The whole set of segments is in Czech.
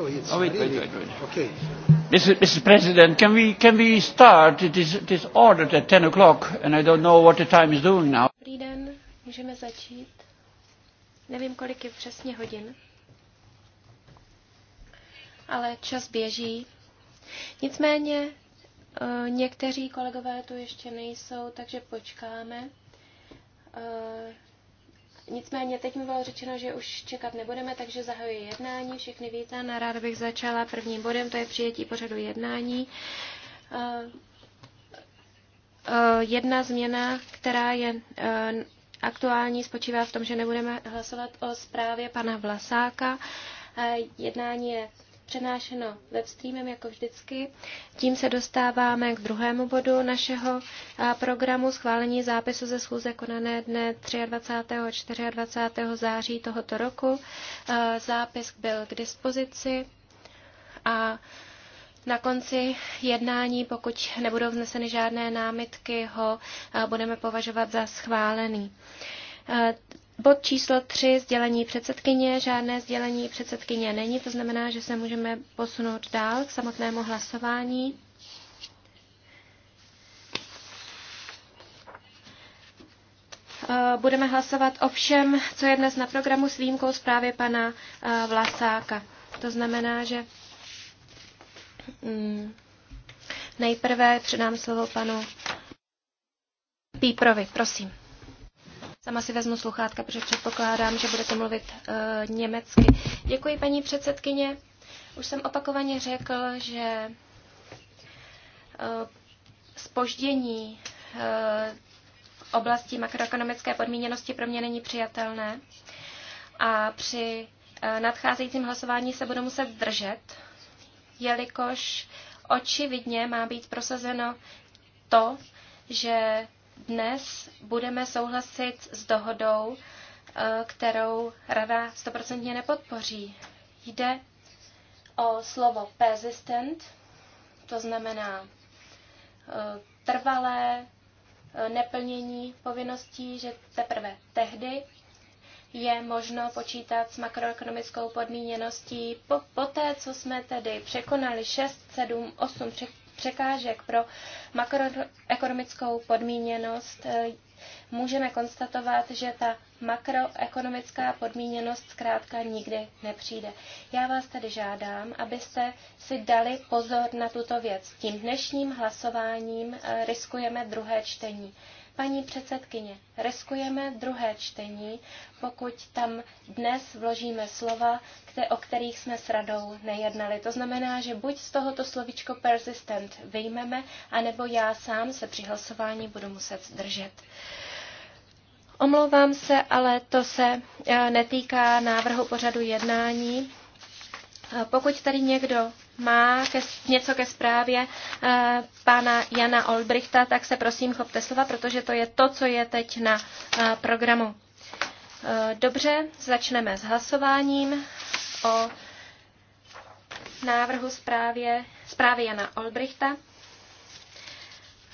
oh, wait, really, wait, wait, wait. Okay. Mr. Mr. President, can we, can we start? It is, it is ordered at 10 o'clock and I don't know what the time is doing now. Dobrý den, můžeme začít. Nevím, kolik je přesně hodin, ale čas běží. Nicméně eh, někteří kolegové tu ještě nejsou, takže počkáme eh, Nicméně teď mi bylo řečeno, že už čekat nebudeme, takže zahajuji jednání. Všechny vítám a ráda bych začala prvním bodem, to je přijetí pořadu jednání. Eh, eh, jedna změna, která je eh, aktuální, spočívá v tom, že nebudeme hlasovat o zprávě pana Vlasáka. Jednání je přenášeno webstreamem jako vždycky. Tím se dostáváme k druhému bodu našeho programu schválení zápisu ze schůze konané dne 23. a 24. září tohoto roku. Zápis byl k dispozici a na konci jednání, pokud nebudou vzneseny žádné námitky, ho budeme považovat za schválený. Bod číslo 3, sdělení předsedkyně. Žádné sdělení předsedkyně není, to znamená, že se můžeme posunout dál k samotnému hlasování. Eh, budeme hlasovat o všem, co je dnes na programu s výjimkou zprávy pana eh, Vlasáka. To znamená, že mm, nejprve předám slovo panu Píprovi. Prosím. Sama si vezmu sluchátka, protože předpokládám, že budete mluvit e, německy. Děkuji, paní předsedkyně. Už jsem opakovaně řekl, že e, eh, spoždění e, eh, v oblasti makroekonomické podmíněnosti pro mě není přijatelné. A při e, nadcházejícím hlasování se budu muset držet, jelikož očividně má být prosazeno to, že dnes budeme souhlasit s dohodou, eh, kterou Rada stoprocentně nepodpoří. Jde o slovo persistent, to znamená eh, trvalé eh, neplnění povinností, že teprve tehdy je možno počítat s makroekonomickou podmíněností po, po té, co jsme tedy překonali 6, 7, 8 překážek pro makroekonomickou podmíněnost eh, můžeme konstatovat, že ta makroekonomická podmíněnost zkrátka nikdy nepřijde. Já vás tedy žádám, abyste si dali pozor na tuto věc. Tím dnešním hlasováním eh, riskujeme druhé čtení. Paní předsedkyně, riskujeme druhé čtení, pokud tam dnes vložíme slova, kte, o kterých jsme s radou nejednali. To znamená, že buď z tohoto slovičko persistent vyjmeme, anebo já sám se při hlasování budu muset zdržet. Omlouvám se, ale to se eh, netýká návrhu pořadu jednání. Eh, pokud tady někdo má ke, něco ke zprávě e, pana Jana Olbrichta, tak se prosím chopte slova, protože to je to, co je teď na e, programu. E, dobře, začneme s hlasováním o návrhu zprávě, zprávy Jana Olbrichta.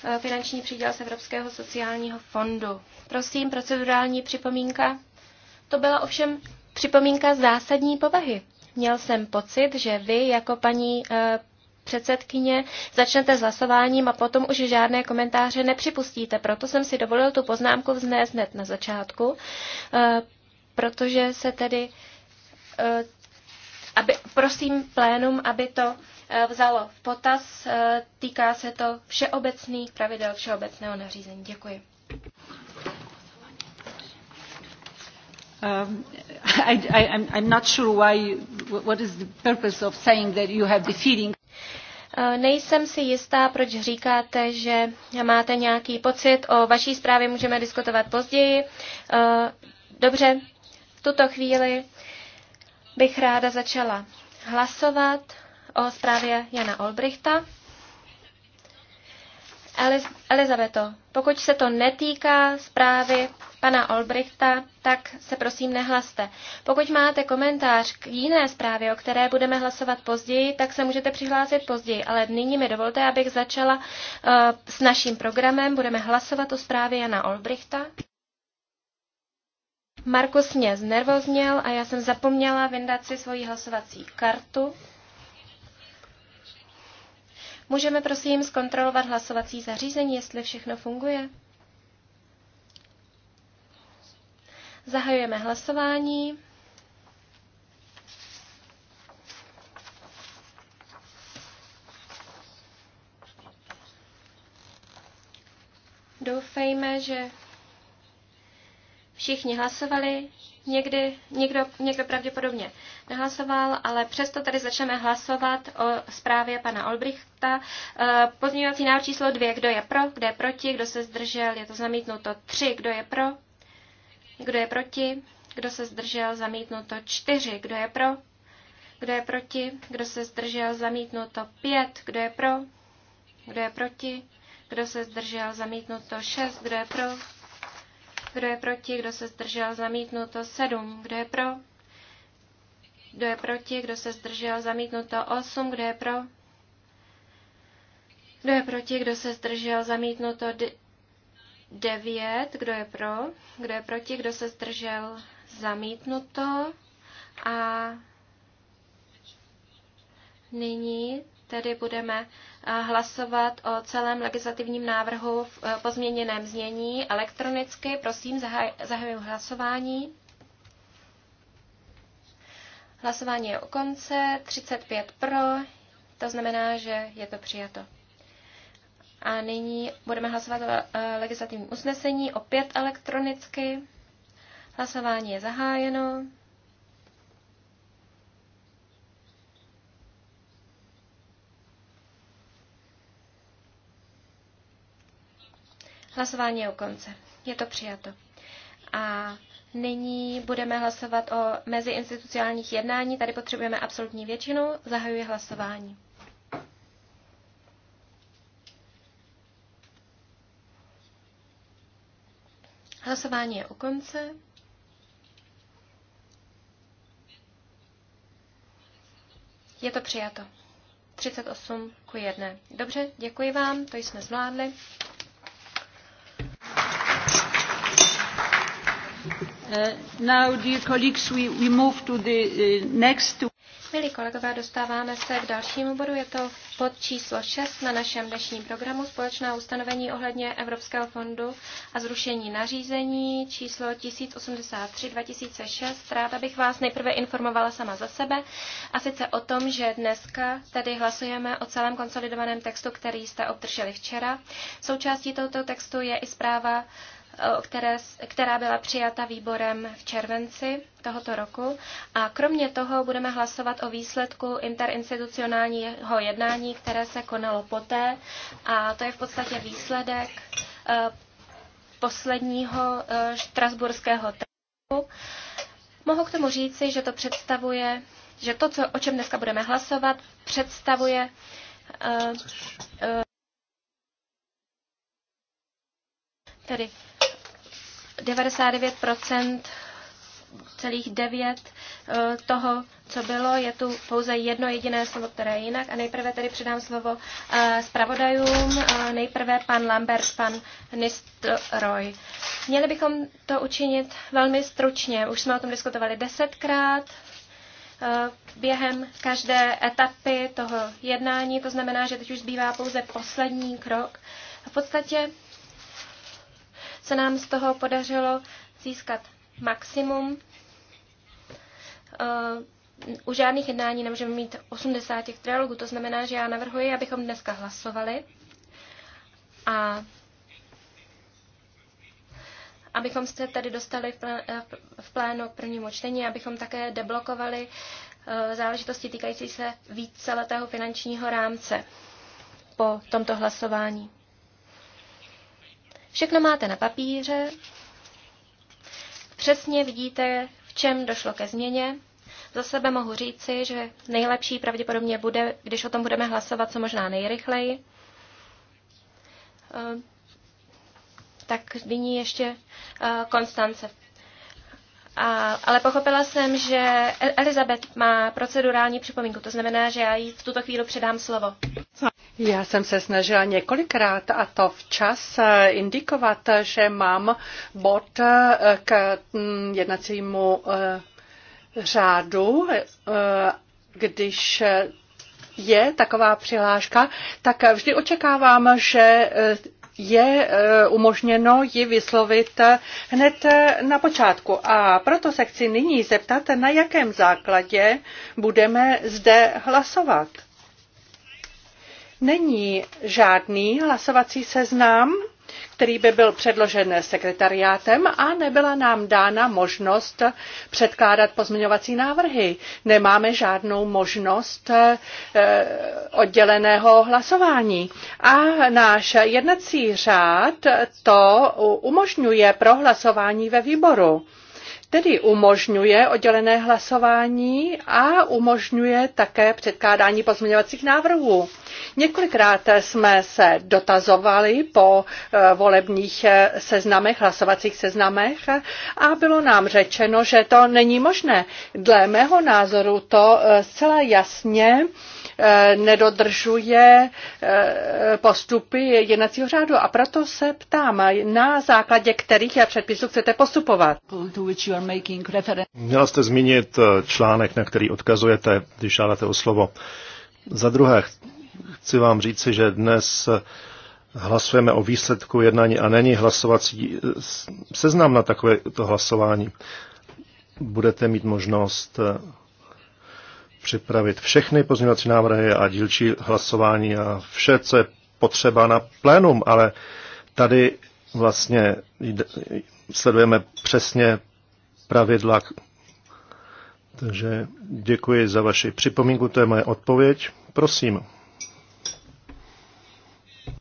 E, finanční příděl z Evropského sociálního fondu. Prosím, procedurální připomínka. To byla ovšem připomínka zásadní povahy. Měl jsem pocit, že vy jako paní eh, předsedkyně, začnete s hlasováním a potom už žádné komentáře nepřipustíte. Proto jsem si dovolil tu poznámku vznést hned na začátku, eh, protože se tedy, eh, aby, prosím plénum, aby to vzalo v potaz. Týká se to všeobecných pravidel všeobecného nařízení. Děkuji. I'm not sure why, what is the purpose of saying that you have the feeling. Eh, nejsem si jistá, proč říkáte, že máte nějaký pocit. O vaší zprávě můžeme diskutovat později. Eh, dobře, v tuto chvíli bych ráda začala hlasovat o zprávě Jana Olbrichta. Elizabeto, pokud se to netýká zprávy pana Olbrichta, tak se prosím nehlaste. Pokud máte komentář k jiné zprávě, o které budeme hlasovat později, tak se můžete přihlásit později. Ale nyní mi dovolte, abych začala uh, s naším programem. Budeme hlasovat o zprávě Jana Olbrichta. Markus mě znervozněl a já jsem zapomněla vyndat si svoji hlasovací kartu. Můžeme prosím zkontrolovat hlasovací zařízení, jestli všechno funguje? Zahajujeme hlasování. Doufejme, že Všichni hlasovali, někdy, někdo, někdo pravděpodobně nehlasoval, ale přesto tady začneme hlasovat o zprávě pana Olbrichta. Eh, pozměňovací návrh číslo dvě, kdo je pro, kdo je proti, kdo se zdržel, je to zamítnuto tři, kdo je pro, kdo je proti, kdo se zdržel, zamítnuto čtyři, kdo je pro, kdo je proti, kdo se zdržel, zamítnuto pět, kdo je pro, kdo je proti, kdo se zdržel, zamítnuto šest, kdo je pro, kdo je proti? Kdo se zdržel? Zamítnuto 7. Kdo je pro? Kdo je proti? Kdo se zdržel? Zamítnuto 8. Kdo je pro? Kdo je proti? Kdo se zdržel? Zamítnuto 9. Kdo je pro? Kdo je proti? Kdo se zdržel? Zamítnuto. A nyní tedy budeme eh, hlasovat o celém legislativním návrhu v eh, pozměněném znění elektronicky. Prosím, zahajuji hlasování. Hlasování je u konce, 35 pro, to znamená, že je to přijato. A nyní budeme hlasovat o eh, legislativním usnesení opět elektronicky. Hlasování je zahájeno. Hlasování je u konce. Je to přijato. A nyní budeme hlasovat o meziinstitucionálních jednání. Tady potřebujeme absolutní většinu. Zahajuji hlasování. Hlasování je u konce. Je to přijato. 38 ku 1. Dobře, děkuji vám, to jsme zvládli. Uh, uh, Milí kolegové, dostáváme se k dalšímu bodu. Je to pod číslo 6 na našem dnešním programu Společná ustanovení ohledně Evropského fondu a zrušení nařízení číslo 1083-2006. Ráda bych vás nejprve informovala sama za sebe a sice o tom, že dneska tady hlasujeme o celém konsolidovaném textu, který jste obdrželi včera. Součástí tohoto textu je i zpráva které, která byla přijata výborem v červenci tohoto roku. A kromě toho budeme hlasovat o výsledku interinstitucionálního jednání, které se konalo poté. A to je v podstatě výsledek e, posledního e, štrasburského trhu. Mohu k tomu říci, že to představuje, že to, co, o čem dneska budeme hlasovat, představuje uh, uh, tedy 99% celých 9 toho, co bylo. Je tu pouze jedno jediné slovo, které je jinak. A nejprve tedy předám slovo eh, zpravodajům. Eh, nejprve pan Lambert, pan Nistroy. Měli bychom to učinit velmi stručně. Už jsme o tom diskutovali desetkrát eh, během každé etapy toho jednání. To znamená, že teď už zbývá pouze poslední krok. A v podstatě se nám z toho podařilo získat maximum. Uh, u žádných jednání nemůžeme mít 80 těch trialogů, to znamená, že já navrhuji, abychom dneska hlasovali a abychom se tady dostali v plénu k prvnímu čtení, abychom také deblokovali uh, záležitosti týkající se víceletého finančního rámce po tomto hlasování. Všechno máte na papíře, přesně vidíte, v čem došlo ke změně. Za sebe mohu říci, že nejlepší pravděpodobně bude, když o tom budeme hlasovat co možná nejrychleji. Eh, tak nyní ještě eh, Konstance a, ale pochopila jsem, že e- Elizabeth má procedurální připomínku, to znamená, že já jí v tuto chvíli předám slovo. Já jsem se snažila několikrát a to včas eh, indikovat, že mám bod eh, k mm, jednacímu eh, řádu, když je taková přihláška, tak vždy očekávám, že je e, umožněno ji vyslovit e, hned e, na počátku. A proto se chci nyní zeptat, na jakém základě budeme zde hlasovat. Není žádný hlasovací seznam? který by byl předložen sekretariátem a nebyla nám dána možnost předkládat pozměňovací návrhy. Nemáme žádnou možnost eh, odděleného hlasování. A náš jednací řád to umožňuje pro hlasování ve výboru tedy umožňuje oddělené hlasování a umožňuje také předkládání pozměňovacích návrhů. Několikrát jsme se dotazovali po eh, volebních eh, seznamech, hlasovacích seznamech a bylo nám řečeno, že to není možné. Dle mého názoru to eh, zcela jasně E, nedodržuje e, postupy jednacího řádu. A proto se ptám, na základě kterých předpisů chcete postupovat? Měla jste zmínit e, článek, na který odkazujete, když žádáte o slovo. Za druhé, chci vám říci, že dnes hlasujeme o výsledku jednání a není hlasovací seznam na takové to hlasování. Budete mít možnost připravit všechny pozměňovací návrhy a dílčí hlasování a vše, co je potřeba na plénum, ale tady vlastně sledujeme přesně pravidla. Takže děkuji za vaši připomínku, to je moje odpověď. Prosím.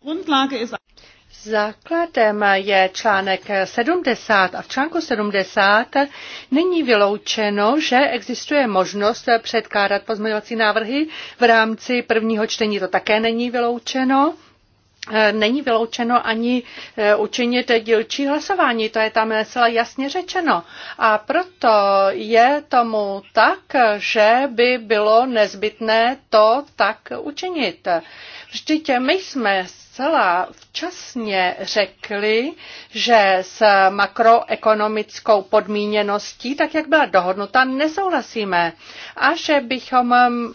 Grundlage ist Základem je článek 70 a v článku 70 není vyloučeno, že existuje možnost předkládat pozměňovací návrhy v rámci prvního čtení. To také není vyloučeno. Eh, není vyloučeno ani eh, učinit dílčí hlasování, to je tam celá jasně řečeno. A proto je tomu tak, že by bylo nezbytné to tak učinit. Vždyť my jsme zcela včasně řekli, že s makroekonomickou podmíněností, tak jak byla dohodnuta, nesouhlasíme a že bychom mm,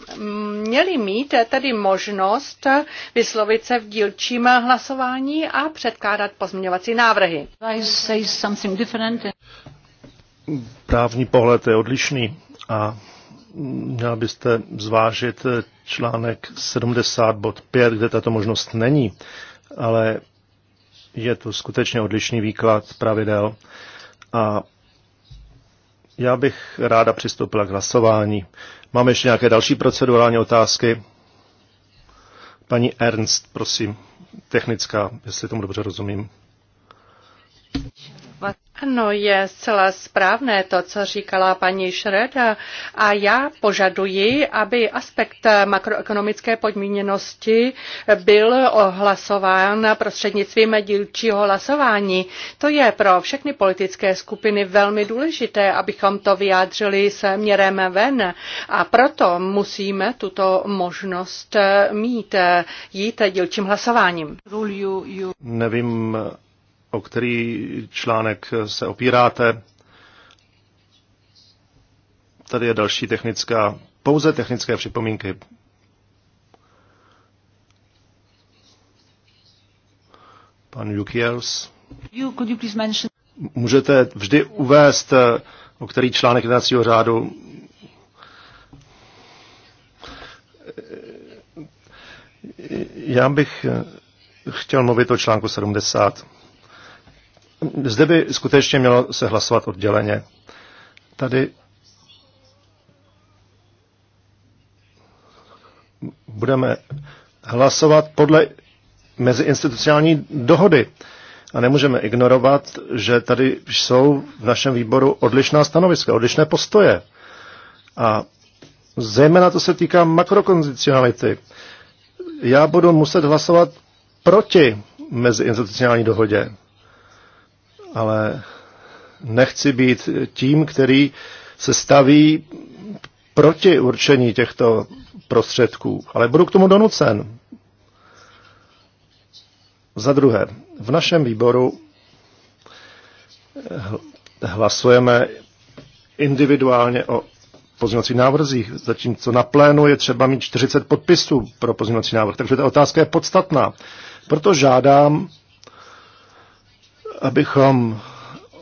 měli mít tedy možnost vyslovit se v dílčím hlasování a předkládat pozměňovací návrhy. Právní pohled je odlišný a měla byste zvážit eh, článek 70 bod 5, kde tato možnost není, ale je to skutečně odlišný výklad pravidel a já bych ráda přistoupila k hlasování. Máme ještě nějaké další procedurální otázky? Paní Ernst, prosím, technická, jestli tomu dobře rozumím. Ano, je zcela správné to, co říkala paní Šreda, a já požaduji, aby aspekt makroekonomické podmíněnosti byl ohlasován prostřednictvím dílčího hlasování. To je pro všechny politické skupiny velmi důležité, abychom to vyjádřili směrem ven a proto musíme tuto možnost mít jít dílčím hlasováním. Nevím, o který článek se opíráte. Tady je další technická, pouze technické připomínky. Pan Jukiels. Můžete vždy uvést, o který článek jednacího řádu já bych chtěl mluvit o článku 70. Zde by skutečně mělo se hlasovat odděleně. Tady budeme hlasovat podle meziinstitucionální dohody. A nemůžeme ignorovat, že tady jsou v našem výboru odlišná stanoviska, odlišné postoje. A zejména to se týká makrokondicionality. Já budu muset hlasovat proti meziinstitucionální dohodě ale nechci být tím, který se staví proti určení těchto prostředků, ale budu k tomu donucen. Za druhé, v našem výboru hlasujeme individuálně o pozměňovacích návrzích, zatímco na plénu je třeba mít 40 podpisů pro pozměňovací návrh. Takže ta otázka je podstatná. Proto žádám abychom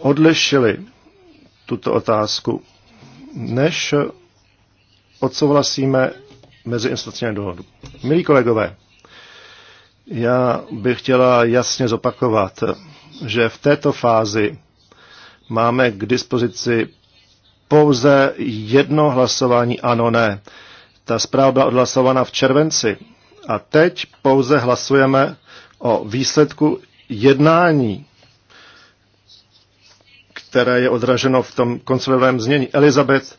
odlišili tuto otázku, než odsouhlasíme meziinstitucionální dohodu. Milí kolegové, já bych chtěla jasně zopakovat, že v této fázi máme k dispozici pouze jedno hlasování ano ne. Ta zpráva byla odhlasována v červenci a teď pouze hlasujeme o výsledku jednání které je odraženo v tom koncovém znění. Elizabeth,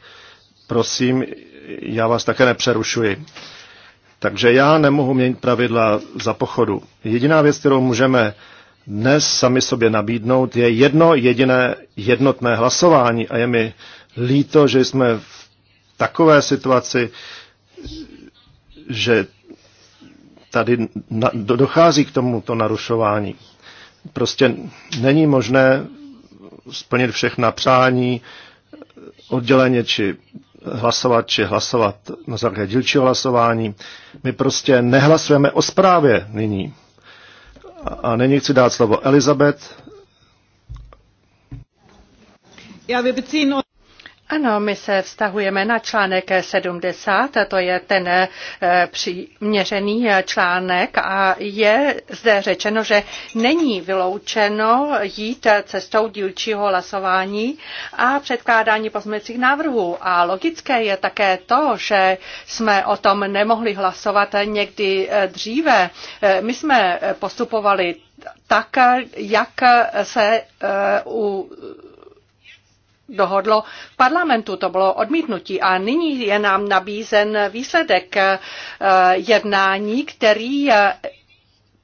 prosím, já vás také nepřerušuji. Takže já nemohu měnit pravidla za pochodu. Jediná věc, kterou můžeme dnes sami sobě nabídnout, je jedno jediné jednotné hlasování. A je mi líto, že jsme v takové situaci, že tady dochází k tomuto narušování. Prostě není možné splnit všechna přání, odděleně či hlasovat, či hlasovat na základě dílčího hlasování. My prostě nehlasujeme o zprávě nyní. A nyní chci dát slovo Elizabeth. Já vybecím ano, my se vztahujeme na článek 70, to je ten eh, přiměřený eh, článek a je zde řečeno, že není vyloučeno jít eh, cestou dílčího hlasování a předkládání pozměcích návrhů. A logické je také to, že jsme o tom nemohli hlasovat někdy dříve. My jsme postupovali tak, jak se u dohodlo v parlamentu. To bylo odmítnutí a nyní je nám nabízen výsledek eh, jednání, který eh,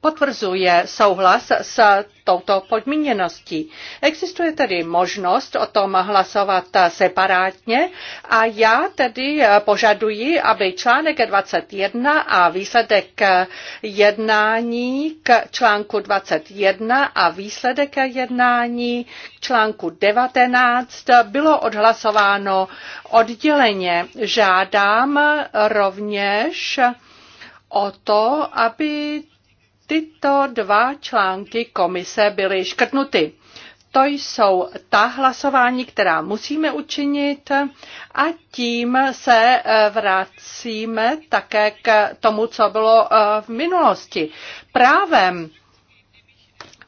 potvrzuje souhlas s touto podmíněností. Existuje tedy možnost o tom hlasovat separátně a já tedy požaduji, aby článek 21 a výsledek jednání k článku 21 a výsledek jednání k článku 19 bylo odhlasováno odděleně. Žádám rovněž o to, aby Tyto dva články komise byly škrtnuty. To jsou ta hlasování, která musíme učinit a tím se eh, vracíme také k tomu, co bylo eh, v minulosti. Právem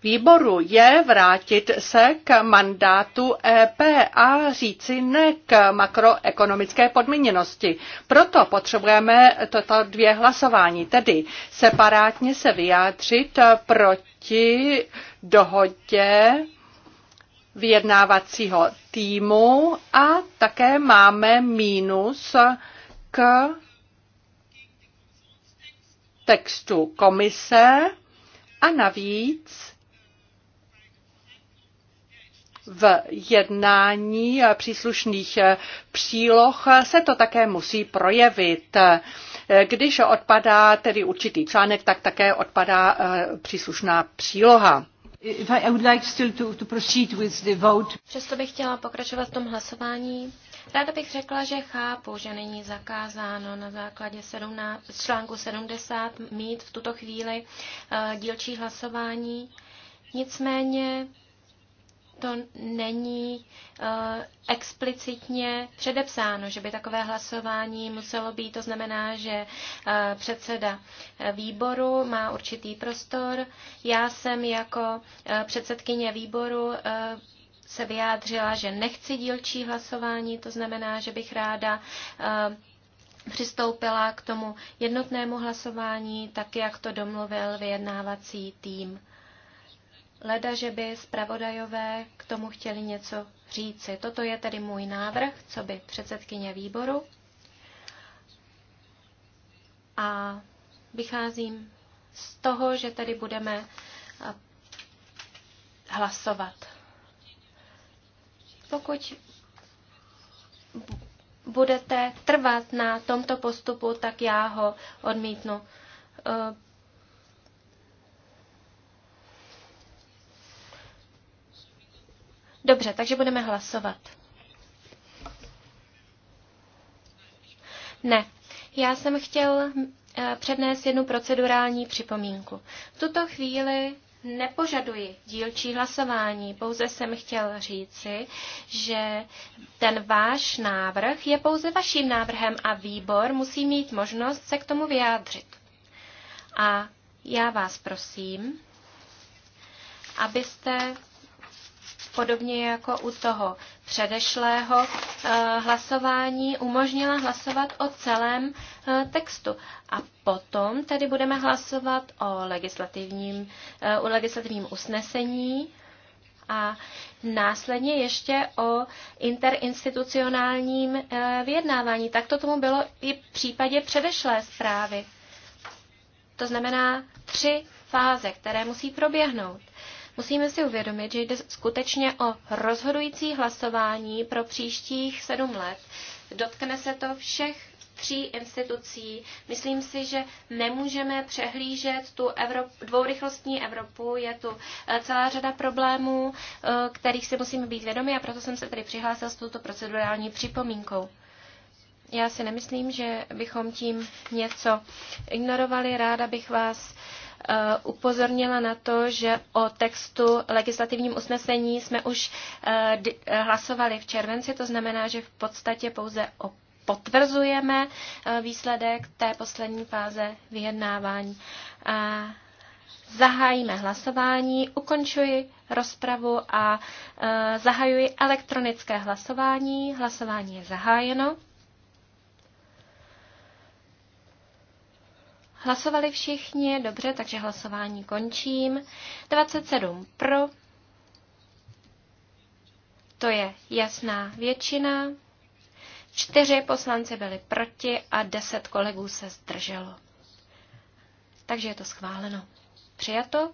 výboru je vrátit se k mandátu EP a říci ne k makroekonomické podmíněnosti. Proto potřebujeme toto dvě hlasování, tedy separátně se vyjádřit proti dohodě vyjednávacího týmu a také máme mínus k textu komise a navíc v jednání příslušných příloh se to také musí projevit. Když odpadá tedy určitý článek, tak také odpadá eh, příslušná příloha. Přesto bych chtěla pokračovat v tom hlasování. Ráda bych řekla, že chápu, že není zakázáno na základě 17, článku 70 mít v tuto chvíli eh, dílčí hlasování. Nicméně to není eh, explicitně předepsáno, že by takové hlasování muselo být. To znamená, že eh, předseda eh, výboru má určitý prostor. Já jsem jako předsedkyně výboru se vyjádřila, že nechci dílčí hlasování, to znamená, že bych ráda přistoupila k tomu jednotnému hlasování, tak jak to domluvil vyjednávací tým. Leda, že by zpravodajové k tomu chtěli něco říci. Toto je tedy můj návrh, co by předsedkyně výboru. A vycházím z toho, že tedy budeme hlasovat. Pokud budete trvat na tomto postupu, tak já ho odmítnu. E, Dobře, takže budeme hlasovat. Ne, já jsem chtěl eh, přednést jednu procedurální připomínku. V tuto chvíli nepožaduji dílčí hlasování, pouze jsem chtěl říci, že ten váš návrh je pouze vaším návrhem a výbor musí mít možnost se k tomu vyjádřit. A já vás prosím, abyste podobně jako u toho předešlého eh, hlasování, umožnila hlasovat o celém eh, textu. A potom tedy budeme hlasovat o legislativním, o eh, legislativním usnesení a následně ještě o interinstitucionálním vyjednávání. Tak to tomu bylo i v případě předešlé zprávy. To znamená tři fáze, které musí proběhnout. Musíme si uvědomit, že jde skutečně o rozhodující hlasování pro příštích sedm let. Dotkne se to všech tří institucí. Myslím si, že nemůžeme přehlížet tu Evrop, dvourychlostní Evropu. Je tu eh, celá řada problémů, eh, kterých si musíme být vědomi a proto jsem se tady přihlásil s touto procedurální připomínkou. Já si nemyslím, že bychom tím něco ignorovali. Ráda bych vás eh, upozornila na to, že o textu legislativním usnesení jsme už eh, eh, hlasovali v červenci, to znamená, že v podstatě pouze o potvrzujeme výsledek té poslední fáze vyjednávání. A zahájíme hlasování, ukončuji rozpravu a zahajuji elektronické hlasování. Hlasování je zahájeno. Hlasovali všichni, dobře, takže hlasování končím. 27 pro, to je jasná většina. Čtyři poslanci byli proti a deset kolegů se zdrželo. Takže je to schváleno. Přijato?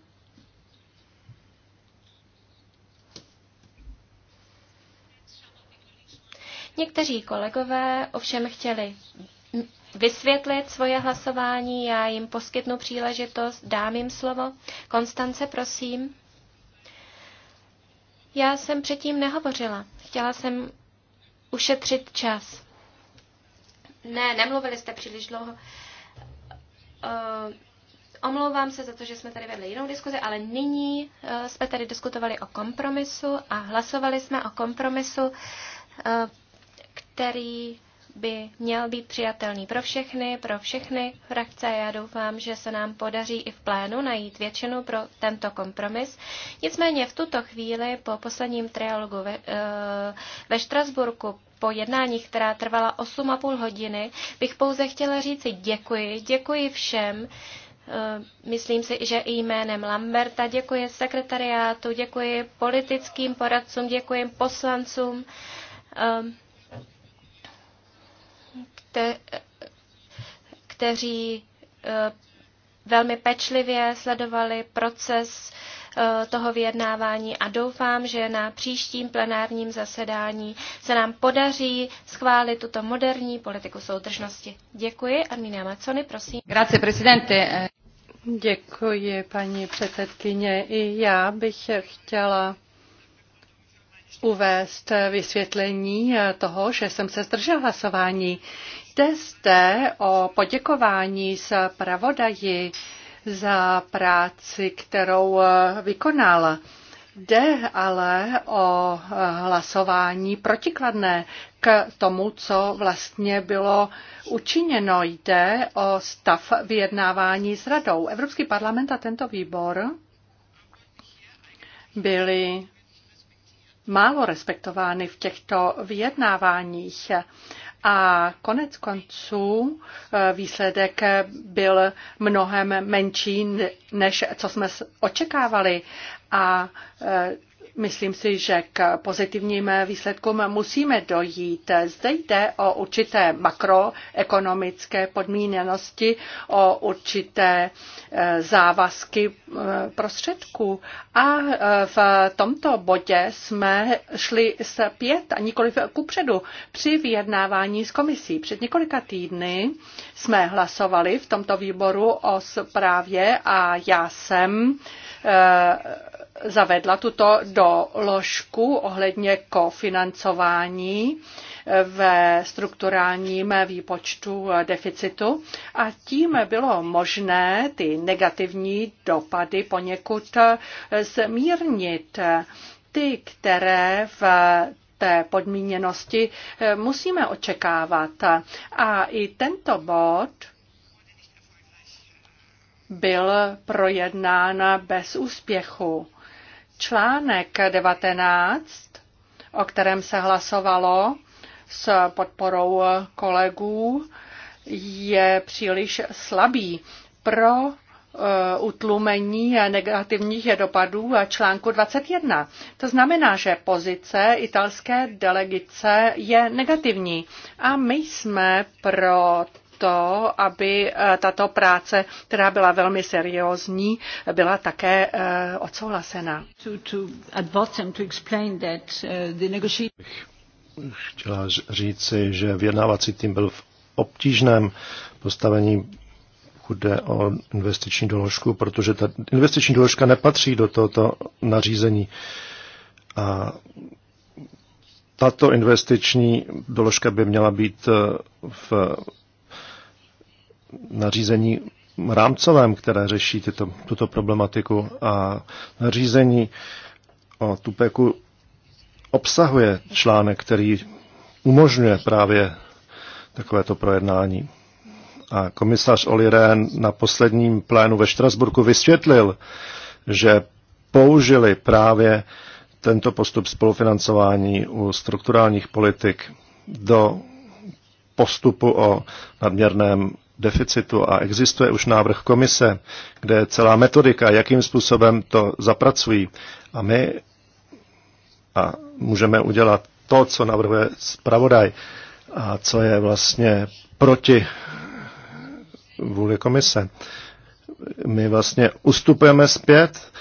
Někteří kolegové ovšem chtěli vysvětlit svoje hlasování, já jim poskytnu příležitost, dám jim slovo. Konstance, prosím. Já jsem předtím nehovořila. Chtěla jsem ušetřit čas. Ne, nemluvili jste příliš dlouho. Uh, omlouvám se za to, že jsme tady vedli jinou diskuzi, ale nyní uh, jsme tady diskutovali o kompromisu a hlasovali jsme o kompromisu, uh, který by měl být přijatelný pro všechny, pro všechny frakce. Já doufám, že se nám podaří i v plénu najít většinu pro tento kompromis. Nicméně v tuto chvíli po posledním trialogu ve, eh, ve Štrasburku po jednání, která trvala 8,5 hodiny, bych pouze chtěla říci děkuji, děkuji všem, eh, Myslím si, že i jménem Lamberta děkuji sekretariátu, děkuji politickým poradcům, děkuji poslancům. Eh, kte, kteří eh, velmi pečlivě sledovali proces eh, toho vyjednávání a doufám, že na příštím plenárním zasedání se nám podaří schválit tuto moderní politiku soudržnosti. Děkuji. Armína Macony, prosím. Grazie, presidente. Děkuji, paní předsedkyně. I já bych chtěla uvést vysvětlení toho, že jsem se zdržel hlasování. Zde jste o poděkování za pravodaji za práci, kterou eh, vykonal. Jde ale o eh, hlasování protikladné k tomu, co vlastně bylo učiněno. Jde o stav vyjednávání s radou. Evropský parlament a tento výbor byly málo respektovány v těchto vyjednáváních a konec konců eh, výsledek byl mnohem menší, než co jsme očekávali. A eh, Myslím si, že k pozitivním výsledkům musíme dojít. Zde jde o určité makroekonomické podmíněnosti, o určité e, závazky e, prostředků. A e, v tomto bodě jsme šli zpět pět a nikoli kupředu při vyjednávání s komisí. Před několika týdny jsme hlasovali v tomto výboru o zprávě a já jsem zavedla tuto doložku ohledně kofinancování ve strukturálním výpočtu deficitu a tím bylo možné ty negativní dopady poněkud zmírnit. Ty, které v té podmíněnosti musíme očekávat. A i tento bod byl projednán bez úspěchu. Článek 19, o kterém se hlasovalo s podporou kolegů, je příliš slabý pro eh, utlumení negativních dopadů článku 21. To znamená, že pozice italské delegace je negativní a my jsme pro to, aby eh, tato práce, která byla velmi seriózní, byla také eh, odsouhlasena. Eh, chtěla říci, že vyjednávací tým byl v obtížném postavení kde jde o investiční doložku, protože ta investiční doložka nepatří do tohoto nařízení. A tato investiční doložka by měla být v nařízení rámcovém, které řeší tyto, tuto problematiku a nařízení o Tupeku obsahuje článek, který umožňuje právě takovéto projednání. A komisař Oli Rehn na posledním plénu ve Štrasburku vysvětlil, že použili právě tento postup spolufinancování u strukturálních politik do postupu o nadměrném deficitu a existuje už návrh komise, kde je celá metodika, jakým způsobem to zapracují. A my a můžeme udělat to, co navrhuje zpravodaj a co je vlastně proti vůli komise. My vlastně ustupujeme zpět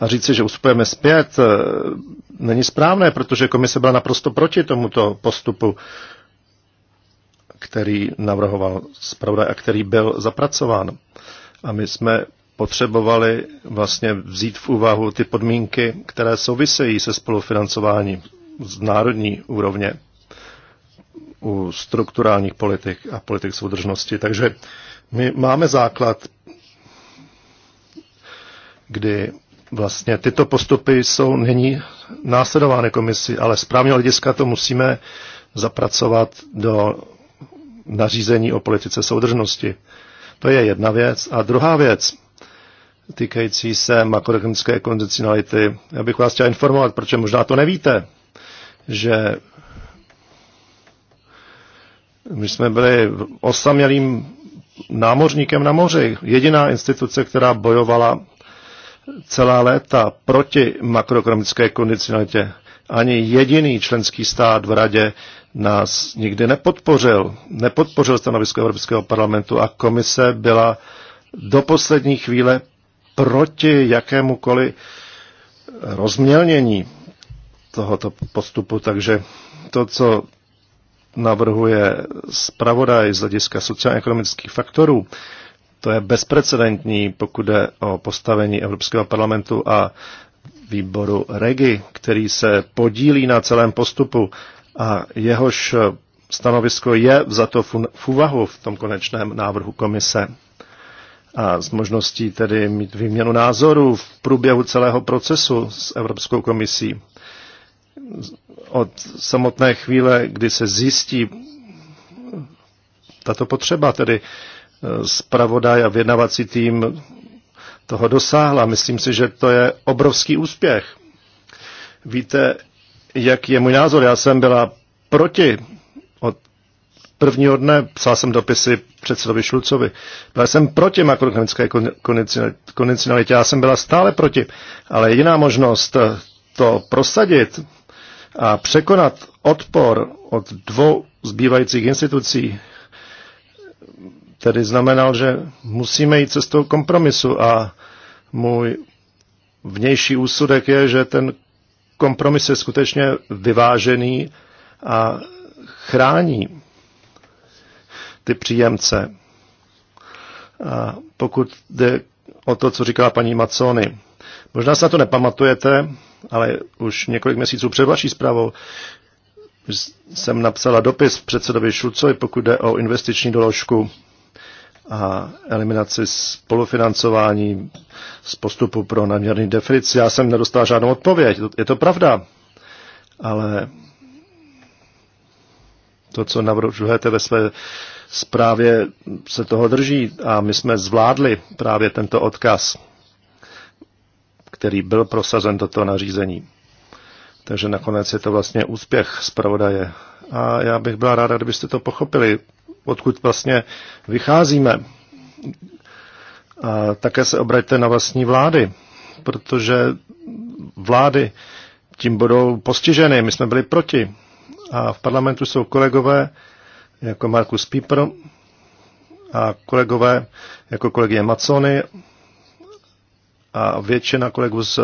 a říci, že ustupujeme zpět, eh, není správné, protože komise byla naprosto proti tomuto postupu který navrhoval zpravodaj a který byl zapracován. A my jsme potřebovali vlastně vzít v úvahu ty podmínky, které souvisejí se spolufinancováním z národní úrovně u strukturálních politik a politik soudržnosti. Takže my máme základ, kdy vlastně tyto postupy jsou nyní následovány komisi, ale správně, hlediska to musíme zapracovat do nařízení o politice soudržnosti. To je jedna věc. A druhá věc, týkající se makroekonomické kondicionality. Já bych vás chtěl informovat, protože možná to nevíte, že my jsme byli osamělým námořníkem na moři. Jediná instituce, která bojovala celá léta proti makroekonomické kondicionalitě. Ani jediný členský stát v radě nás nikdy nepodpořil. Nepodpořil stanovisko Evropského parlamentu a komise byla do poslední chvíle proti jakémukoliv rozmělnění tohoto postupu. Takže to, co navrhuje zpravodaj z hlediska sociálně-ekonomických faktorů, to je bezprecedentní, pokud jde o postavení Evropského parlamentu a výboru REGI, který se podílí na celém postupu a jehož stanovisko je vzato v úvahu v tom konečném návrhu komise. A s možností tedy mít výměnu názorů v průběhu celého procesu s Evropskou komisí. Od samotné chvíle, kdy se zjistí tato potřeba, tedy e, zpravodaj a vědnavací tým toho dosáhla. Myslím si, že to je obrovský úspěch. Víte, jak je můj názor. Já jsem byla proti od prvního dne, psal jsem dopisy předsedovi Šulcovi. Byla jsem proti makroekonomické kondicionalitě, já jsem byla stále proti. Ale jediná možnost to prosadit a překonat odpor od dvou zbývajících institucí, tedy znamenal, že musíme jít cestou kompromisu a můj vnější úsudek je, že ten kompromis je skutečně vyvážený a chrání ty příjemce. A pokud jde o to, co říkala paní Macony, možná se na to nepamatujete, ale už několik měsíců před vaší zprávou jsem napsala dopis předsedovi Šulcovi, pokud jde o investiční doložku a eliminaci spolufinancování z postupu pro naměrný deficit. Já jsem nedostal žádnou odpověď, je to pravda, ale to, co navržujete ve své zprávě, se toho drží a my jsme zvládli právě tento odkaz, který byl prosazen do toho nařízení. Takže nakonec je to vlastně úspěch zpravodaje. A já bych byla ráda, kdybyste to pochopili, odkud vlastně vycházíme. A také se obraťte na vlastní vlády, protože vlády tím budou postiženy. My jsme byli proti. A v parlamentu jsou kolegové jako Markus Pieper a kolegové jako kolegyně Macony a většina kolegů z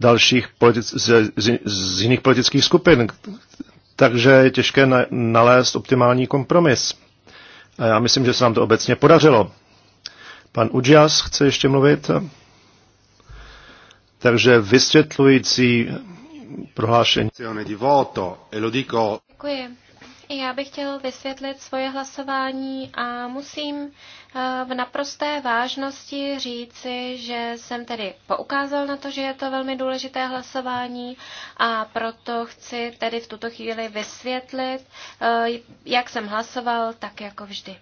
dalších politic, z, z, z jiných politických skupin. Takže je těžké na, nalézt optimální kompromis. A já myslím, že se nám to obecně podařilo. Pan Udžas chce ještě mluvit. Takže vysvětlující prohlášení. E Děkuji. Já bych chtěl vysvětlit svoje hlasování a musím eh, v naprosté vážnosti říci, že jsem tedy poukázal na to, že je to velmi důležité hlasování a proto chci tedy v tuto chvíli vysvětlit, eh, jak jsem hlasoval, tak jako vždy.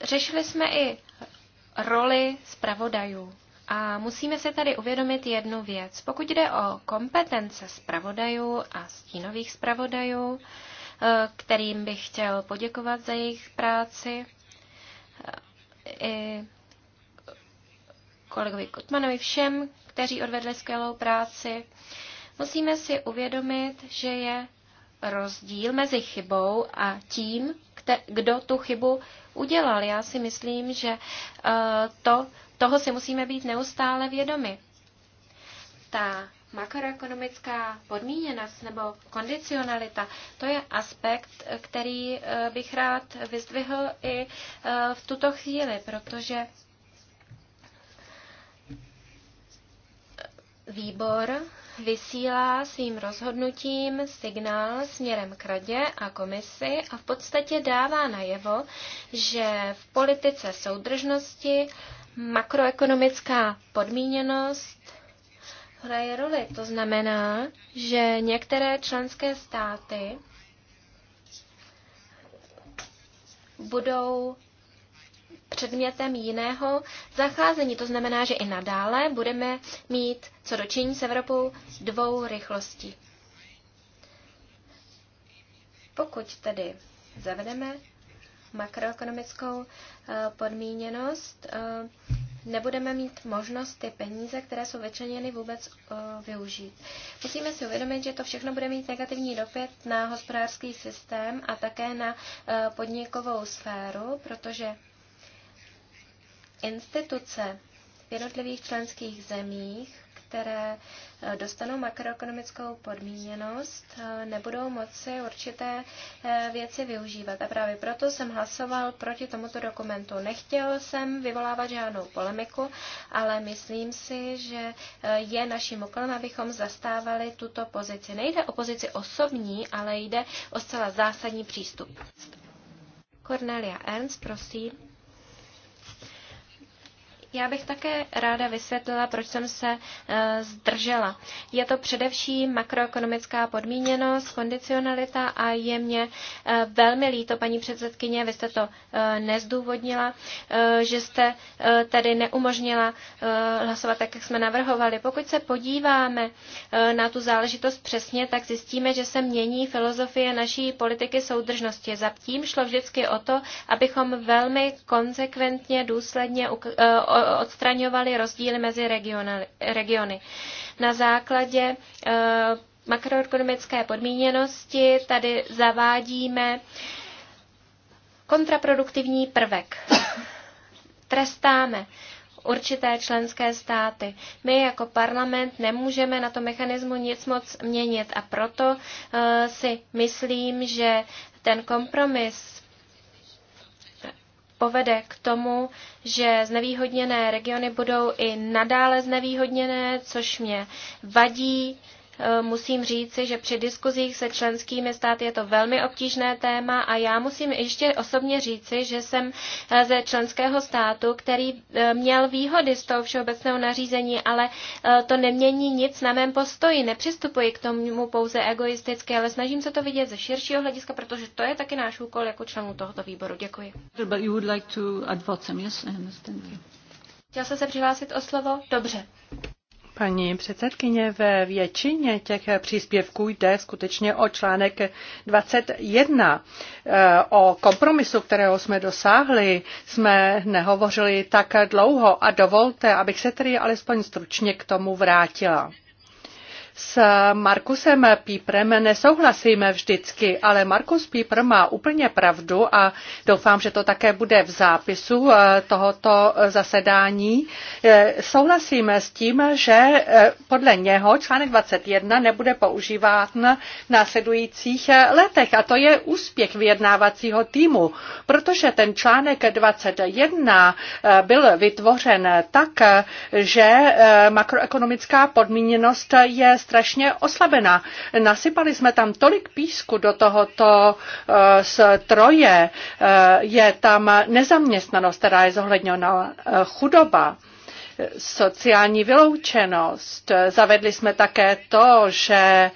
Řešili jsme i roli zpravodajů. A musíme si tady uvědomit jednu věc. Pokud jde o kompetence zpravodajů a stínových zpravodajů, eh, kterým bych chtěl poděkovat za jejich práci, eh, i kolegovi Kotmanovi, všem, kteří odvedli skvělou práci, musíme si uvědomit, že je rozdíl mezi chybou a tím, kdo tu chybu udělal. Já si myslím, že eh, to toho si musíme být neustále vědomi. Ta makroekonomická podmíněnost nebo kondicionalita, to je aspekt, který eh, bych rád vyzdvihl i eh, v tuto chvíli, protože výbor vysílá svým rozhodnutím signál směrem k radě a komisi a v podstatě dává najevo, že v politice soudržnosti makroekonomická podmíněnost hraje roli. To znamená, že některé členské státy budou předmětem jiného zacházení. To znamená, že i nadále budeme mít co dočení s Evropou dvou rychlostí. Pokud tedy zavedeme makroekonomickou eh, podmíněnost, eh, nebudeme mít možnost ty peníze, které jsou vyčleněny, vůbec eh, využít. Musíme si uvědomit, že to všechno bude mít negativní dopad na hospodářský systém a také na podnikovou sféru, protože instituce v jednotlivých členských zemích které eh, dostanou makroekonomickou podmíněnost, eh, nebudou moci určité eh, věci využívat. A právě proto jsem hlasoval proti tomuto dokumentu. Nechtěl jsem vyvolávat žádnou polemiku, ale myslím si, že je naším úkolem, abychom zastávali tuto pozici. Nejde o pozici osobní, ale jde o zcela zásadní přístup. Cornelia Ernst, prosím. Já bych také ráda vysvětlila, proč jsem se eh, zdržela. Je to především makroekonomická podmíněnost, kondicionalita a je mě eh, velmi líto, paní předsedkyně, vy jste to eh, nezdůvodnila, že jste tedy neumožnila hlasovat tak, jak jsme navrhovali. Pokud se podíváme na tu záležitost přesně, tak zjistíme, že se mění filozofie naší politiky soudržnosti. Zatím šlo vždycky o to, abychom velmi konsekventně, důsledně odstraňovaly rozdíly mezi regiony. Na základě eh, makroekonomické podmíněnosti tady zavádíme kontraproduktivní prvek. Trestáme určité členské státy. My jako parlament nemůžeme na to mechanismu nic moc měnit a proto uh, si myslím, že ten kompromis povede k tomu, že znevýhodněné regiony budou i nadále znevýhodněné, což mě vadí. Eh, musím říci, že při diskuzích se členskými státy je to velmi obtížné téma a já musím ještě osobně říci, že jsem eh, ze členského státu, který eh, měl výhody z toho všeobecného nařízení, ale to nemění nic na mém postoji. Nepřistupuji k tomu pouze egoisticky, ale snažím se to vidět ze širšího hlediska, protože to je taky náš úkol jako členů tohoto výboru. Děkuji. Chtěl jste se přihlásit o slovo? Dobře. Paní předsedkyně, ve většině těch příspěvků jde skutečně o článek 21. E, o kompromisu, kterého jsme dosáhli, jsme nehovořili tak dlouho a dovolte, abych se tedy alespoň stručně k tomu vrátila. S Markusem Píprem nesouhlasíme vždycky, ale Markus Pípr má úplně pravdu a doufám, že to také bude v zápisu eh, tohoto zasedání. Eh, Souhlasíme s tím, že eh, podle něho článek 21 nebude používán na následujících letech a to je úspěch vyjednávacího týmu, protože ten článek 21 byl vytvořen tak, že makroekonomická podmíněnost je strašně oslabená. Nasypali jsme tam tolik písku do tohoto eh, stroje, eh, je tam nezaměstnanost, která je zohledněna eh, chudoba sociální vyloučenost. Zavedli jsme také to, že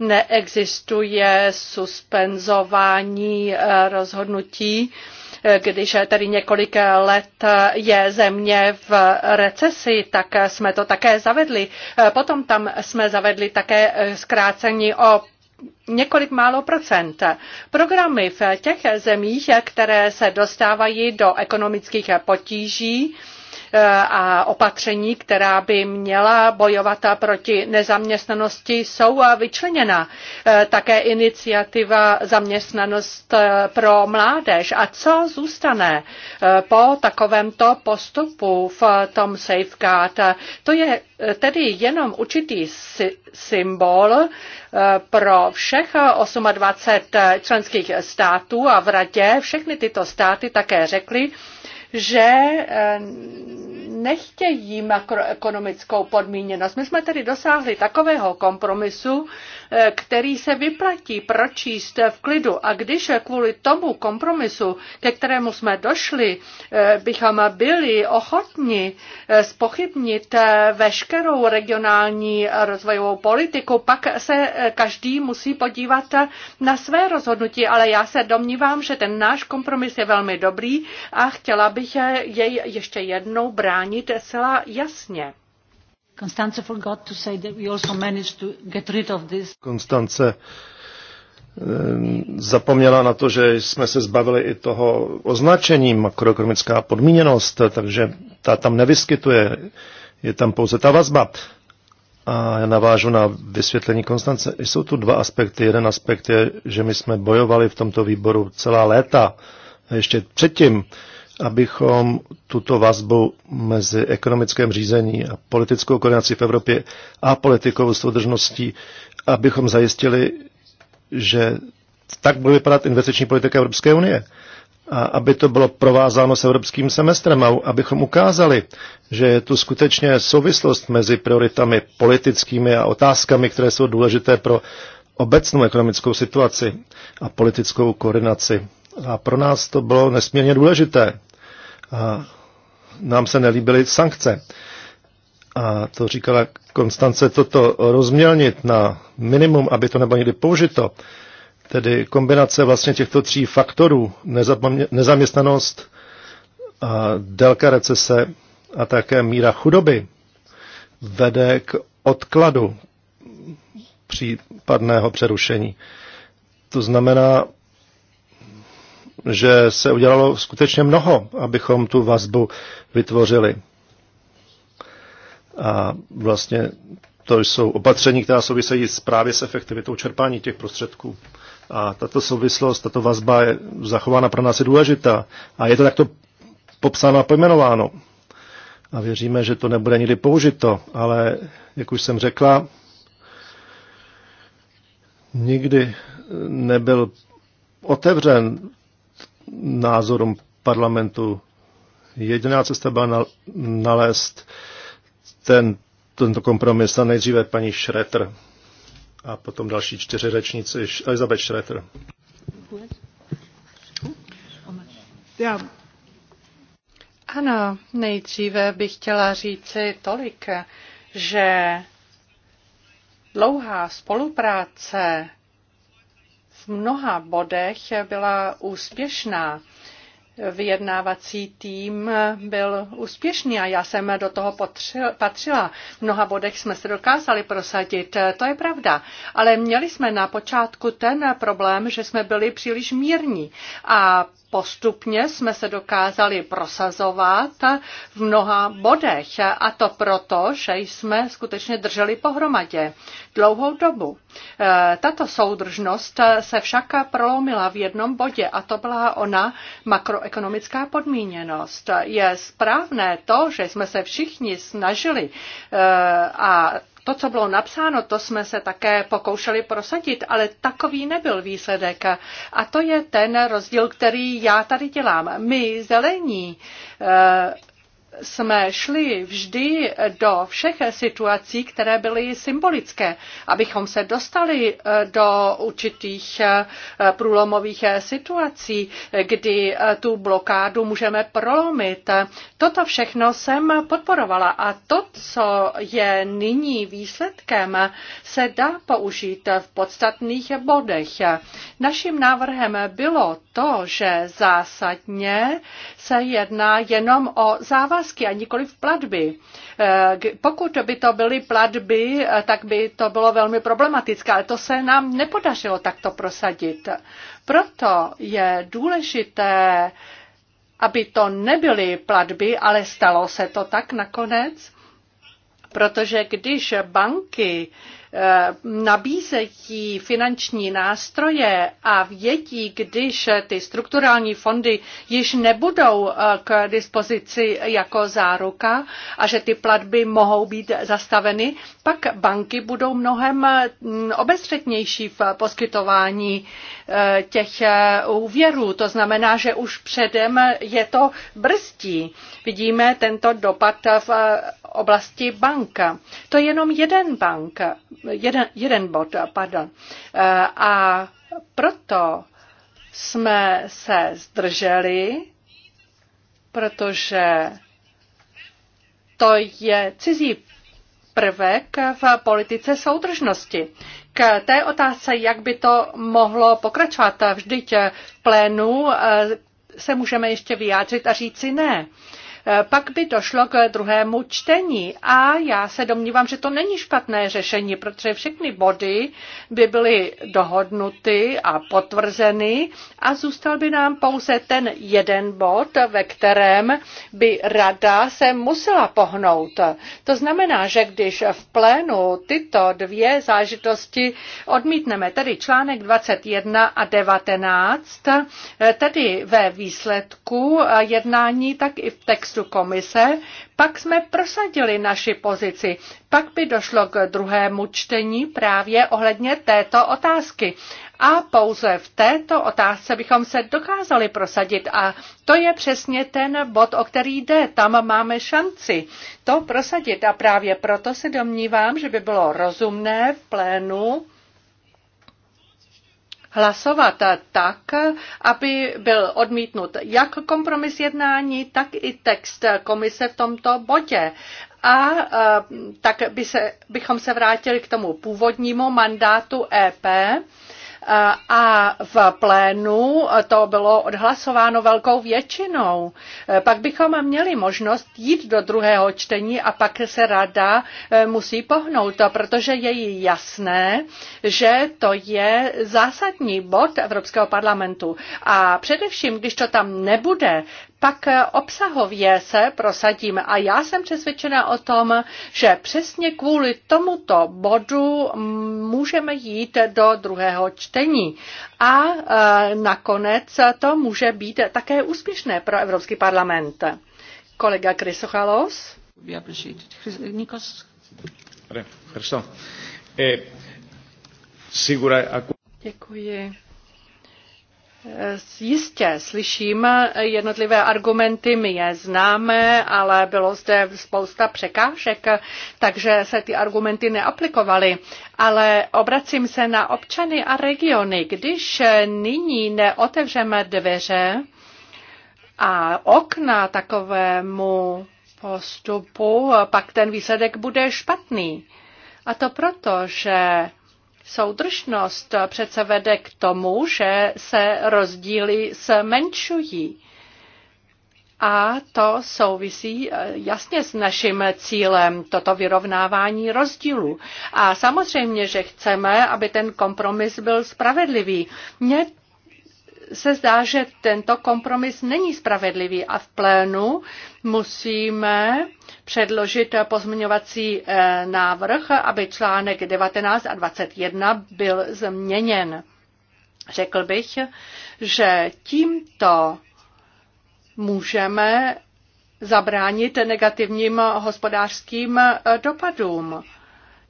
neexistuje suspenzování rozhodnutí když tady několik let je země v recesi, tak jsme to také zavedli. Potom tam jsme zavedli také zkrácení o několik málo procent. Programy v těch zemích, které se dostávají do ekonomických potíží, E, a opatření, která by měla bojovat proti nezaměstnanosti, jsou vyčleněna. E, také iniciativa zaměstnanost e, pro mládež. A co zůstane po takovémto postupu v tom safeguard? To je tedy jenom určitý symbol pro všech 28 členských států a v radě všechny tyto státy také řekly, že eh, nechtějí makroekonomickou podmíněnost. My jsme tedy dosáhli takového kompromisu, eh, který se vyplatí pročíst v klidu. A když kvůli tomu kompromisu, ke kterému jsme došli, eh, bychom byli ochotni spochybnit veškerou regionální rozvojovou politiku, pak se každý musí podívat na své rozhodnutí. Ale já se domnívám, že ten náš kompromis je velmi dobrý a chtěla bych bych jej ještě jednou bránit celá jasně. Konstance ehm, zapomněla na to, že jsme se zbavili i toho označení makroekonomická podmíněnost, takže ta tam nevyskytuje, je tam pouze ta vazba. A já navážu na vysvětlení Konstance. Jsou tu dva aspekty. Jeden aspekt je, že my jsme bojovali v tomto výboru celá léta, ještě předtím, abychom tuto vazbu mezi ekonomickém řízení a politickou koordinací v Evropě a politikou soudržností, abychom zajistili, že tak bude vypadat investiční politika Evropské unie. A aby to bylo provázáno s evropským semestrem a abychom ukázali, že je tu skutečně souvislost mezi prioritami politickými a otázkami, které jsou důležité pro obecnou ekonomickou situaci a politickou koordinaci a pro nás to bylo nesmírně důležité. A nám se nelíbily sankce. A to říkala Konstance, toto rozmělnit na minimum, aby to nebylo někdy použito. Tedy kombinace vlastně těchto tří faktorů, nezaměstnanost, a délka recese a také míra chudoby, vede k odkladu případného přerušení. To znamená, že se udělalo skutečně mnoho, abychom tu vazbu vytvořili. A vlastně to jsou opatření, která souvisejí právě s efektivitou čerpání těch prostředků. A tato souvislost, tato vazba je zachována pro nás je důležitá. A je to takto popsáno a pojmenováno. A věříme, že to nebude nikdy použito. Ale, jak už jsem řekla, nikdy nebyl otevřen názorům parlamentu. Jediná cesta byla nalézt ten, tento kompromis a nejdříve paní Schroeter a potom další čtyři řečníci. Elizabeth Schroeter. Já. Ano, nejdříve bych chtěla říci tolik, že dlouhá spolupráce v mnoha bodech byla úspěšná. Vyjednávací tým byl úspěšný a já jsem do toho patřila. V mnoha bodech jsme se dokázali prosadit, to je pravda. Ale měli jsme na počátku ten problém, že jsme byli příliš mírní a postupně jsme se dokázali prosazovat v mnoha bodech a to proto, že jsme skutečně drželi pohromadě dlouhou dobu. E, tato soudržnost se však prolomila v jednom bodě a to byla ona makroekonomická podmíněnost. Je správné to, že jsme se všichni snažili e, a to, co bylo napsáno, to jsme se také pokoušeli prosadit, ale takový nebyl výsledek. A to je ten rozdíl, který já tady dělám. My zelení eh, jsme šli vždy do všech situací, které byly symbolické, abychom se dostali eh, do určitých eh, průlomových eh, situací, kdy tu blokádu můžeme prolomit. Toto všechno jsem podporovala a to, co je nyní výsledkem, se dá použít v podstatných bodech. Naším návrhem bylo to, že zásadně se jedná jenom o závaz závazky a nikoli v platby. Eh, pokud by to byly platby, eh, tak by to bylo velmi problematické, ale to se nám nepodařilo takto prosadit. Proto je důležité, aby to nebyly platby, ale stalo se to tak nakonec, protože když banky Eh, nabízejí finanční nástroje a vědí, když ty strukturální fondy již nebudou eh, k dispozici jako záruka a že ty platby mohou být zastaveny, pak banky budou mnohem mm, obezřetnější v poskytování Eh, těch eh, úvěrů. To znamená, že už předem je to brzdí. Vidíme tento dopad v eh, oblasti banka. To je jenom jeden bank, jeden, jeden bod, pardon. A proto jsme se zdrželi, protože to je cizí prvek v politice soudržnosti. K té otázce, jak by to mohlo pokračovat, vždyť v plénu eh, se můžeme ještě vyjádřit a říci ne pak by došlo k druhému čtení. A já se domnívám, že to není špatné řešení, protože všechny body by byly dohodnuty a potvrzeny a zůstal by nám pouze ten jeden bod, ve kterém by rada se musela pohnout. To znamená, že když v plénu tyto dvě zážitosti odmítneme, tedy článek 21 a 19, tedy ve výsledku jednání, tak i v textu, textu komise, pak jsme prosadili naši pozici. Pak by došlo k druhému čtení právě ohledně této otázky. A pouze v této otázce bychom se dokázali prosadit. A to je přesně ten bod, o který jde. Tam máme šanci to prosadit. A právě proto se domnívám, že by bylo rozumné v plénu hlasovat tak, aby byl odmítnut jak kompromis jednání, tak i text komise v tomto bodě a e, tak by se, bychom se vrátili k tomu původnímu mandátu EP a v plénu to bylo odhlasováno velkou většinou. Pak bychom měli možnost jít do druhého čtení a pak se rada eh, musí pohnout, protože je jasné, že to je zásadní bod Evropského parlamentu. A především, když to tam nebude, pak eh, obsahově se prosadíme. A já jsem přesvědčena o tom, že přesně kvůli tomuto bodu mm, můžeme jít do druhého čtení. A eh, nakonec to může být také úspěšné pro Evropský parlament. Kolega Krysochalos. Eh, Nikos. Děkuji. Jistě slyším jednotlivé argumenty, my je známe, ale bylo zde spousta překážek, takže se ty argumenty neaplikovaly. Ale obracím se na občany a regiony. Když nyní neotevřeme dveře a okna takovému postupu, pak ten výsledek bude špatný. A to proto, že Soudržnost přece vede k tomu, že se rozdíly zmenšují. A to souvisí eh, jasně s naším cílem, toto vyrovnávání rozdílů. A samozřejmě, že chceme, aby ten kompromis byl spravedlivý. Mě se zdá, že tento kompromis není spravedlivý a v plénu musíme předložit pozměňovací eh, návrh, aby článek 19 a 21 byl změněn. Řekl bych, že tímto můžeme zabránit negativním hospodářským eh, dopadům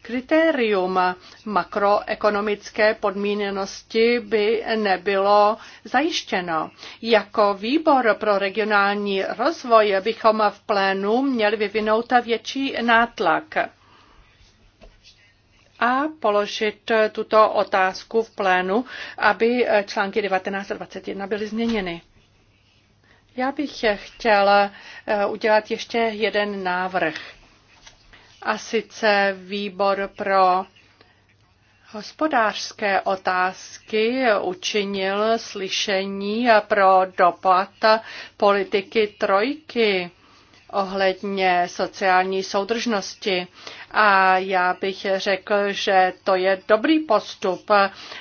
kritérium makroekonomické podmíněnosti by nebylo zajištěno. Jako výbor pro regionální rozvoj bychom v plénu měli vyvinout větší nátlak a položit tuto otázku v plénu, aby články 19 a 21 byly změněny. Já bych chtěla eh, udělat ještě jeden návrh a sice výbor pro hospodářské otázky učinil slyšení pro dopad politiky trojky ohledně sociální soudržnosti a já bych řekl, že to je dobrý postup.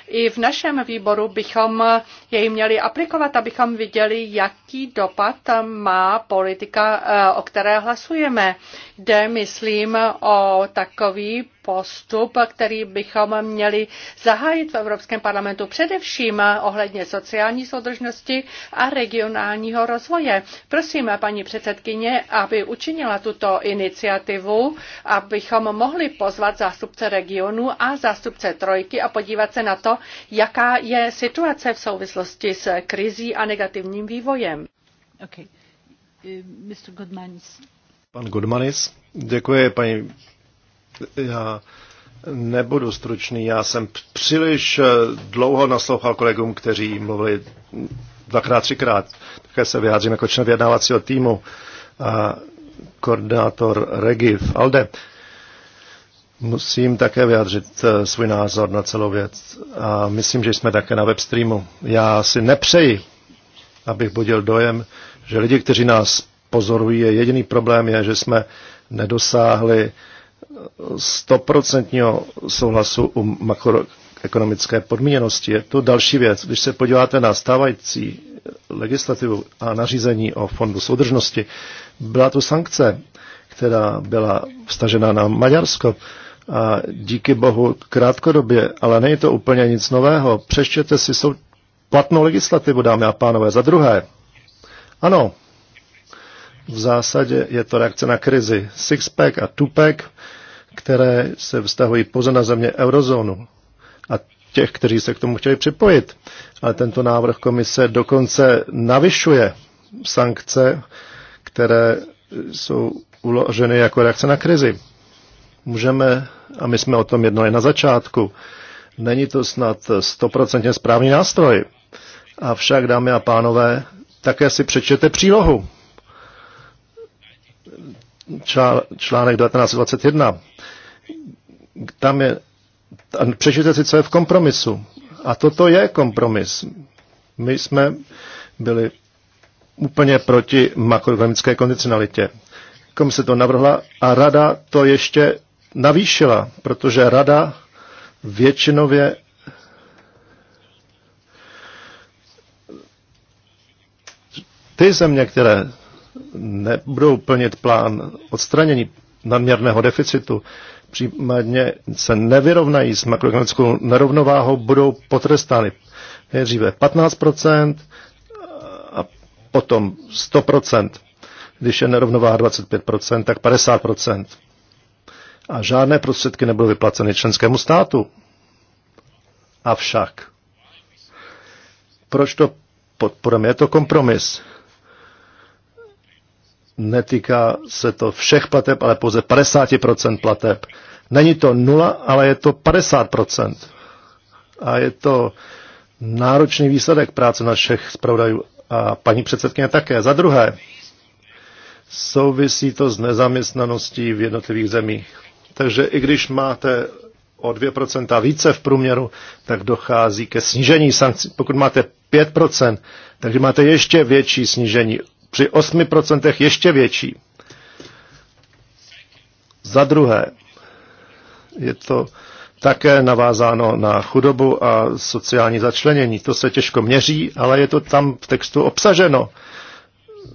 I v našem výboru bychom jej měli aplikovat, abychom viděli, jaký dopad má politika, eh, o které hlasujeme. Jde, myslím, o takový postup, který bychom měli zahájit v Evropském parlamentu především ohledně sociální soudržnosti a regionálního rozvoje. Prosím paní předsedkyně, aby učinila tuto iniciativu, abychom bychom mohli pozvat zástupce regionu a zástupce trojky a podívat se na to, jaká je situace v souvislosti s krizí a negativním vývojem. Okay. Eh, Mr. Pan Goodmanis, Děkuji, paní. Já nebudu stručný. Já jsem příliš eh, dlouho naslouchal kolegům, kteří mluvili dvakrát, třikrát. Také se vyjádřím jako člen vyjednávacího týmu a koordinátor Regiv ALDE. Musím také vyjádřit eh, svůj názor na celou věc a myslím, že jsme také na webstreamu. Já si nepřeji, abych budil dojem, že lidi, kteří nás pozorují, jediný problém je, že jsme nedosáhli eh, stoprocentního souhlasu u makroekonomické podmíněnosti. Je to další věc. Když se podíváte na stávající eh, legislativu a nařízení o fondu soudržnosti, byla to sankce, která byla vstažena na Maďarsko a díky bohu krátkodobě, ale není to úplně nic nového. Přeštěte si sou... platnou legislativu, dámy a pánové. Za druhé, ano, v zásadě je to reakce na krizi Sixpack a Tupac, které se vztahují pouze na země eurozónu a těch, kteří se k tomu chtěli připojit. Ale tento návrh komise dokonce navyšuje sankce, které jsou uloženy jako reakce na krizi. Můžeme, a my jsme o tom jednali na začátku, není to snad stoprocentně správný nástroj. Avšak, dámy a pánové, také si přečtěte přílohu. Člá, článek 1921. Tam je, přečtěte si, co je v kompromisu. A toto je kompromis. My jsme byli úplně proti makroekonomické kondicionalitě. Komise to navrhla a rada to ještě navýšila, protože rada většinově ty země, které nebudou plnit plán odstranění nadměrného deficitu, případně se nevyrovnají s makroekonomickou nerovnováhou, budou potrestány nejdříve 15% a potom 100%. Když je nerovnováha 25%, tak 50% a žádné prostředky nebyly vyplaceny členskému státu. Avšak, proč to podporujeme? Je to kompromis. Netýká se to všech plateb, ale pouze 50% plateb. Není to nula, ale je to 50%. A je to náročný výsledek práce našich zpravodajů a paní předsedkyně také. Za druhé, souvisí to s nezaměstnaností v jednotlivých zemích. Takže i když máte o 2% více v průměru, tak dochází ke snížení sankcí. Pokud máte 5%, takže máte ještě větší snížení. Při 8% ještě větší. Za druhé, je to také navázáno na chudobu a sociální začlenění. To se těžko měří, ale je to tam v textu obsaženo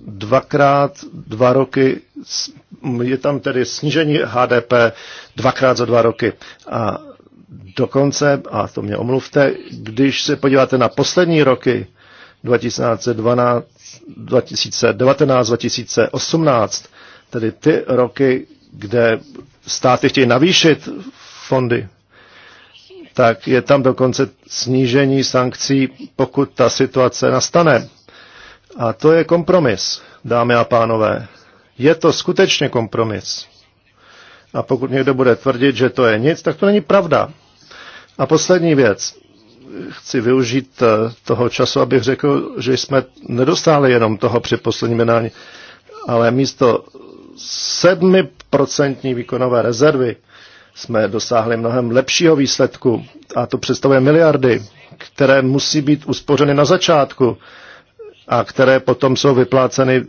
dvakrát dva roky, je tam tedy snížení HDP dvakrát za dva roky. A dokonce, a to mě omluvte, když se podíváte na poslední roky, 2012, 2019, 2018, tedy ty roky, kde státy chtějí navýšit fondy, tak je tam dokonce snížení sankcí, pokud ta situace nastane. A to je kompromis, dámy a pánové. Je to skutečně kompromis. A pokud někdo bude tvrdit, že to je nic, tak to není pravda. A poslední věc. Chci využít eh, toho času, abych řekl, že jsme nedostáli jenom toho při posledním jednání, ale místo 7% výkonové rezervy jsme dosáhli mnohem lepšího výsledku a to představuje miliardy, které musí být uspořeny na začátku a které potom jsou vypláceny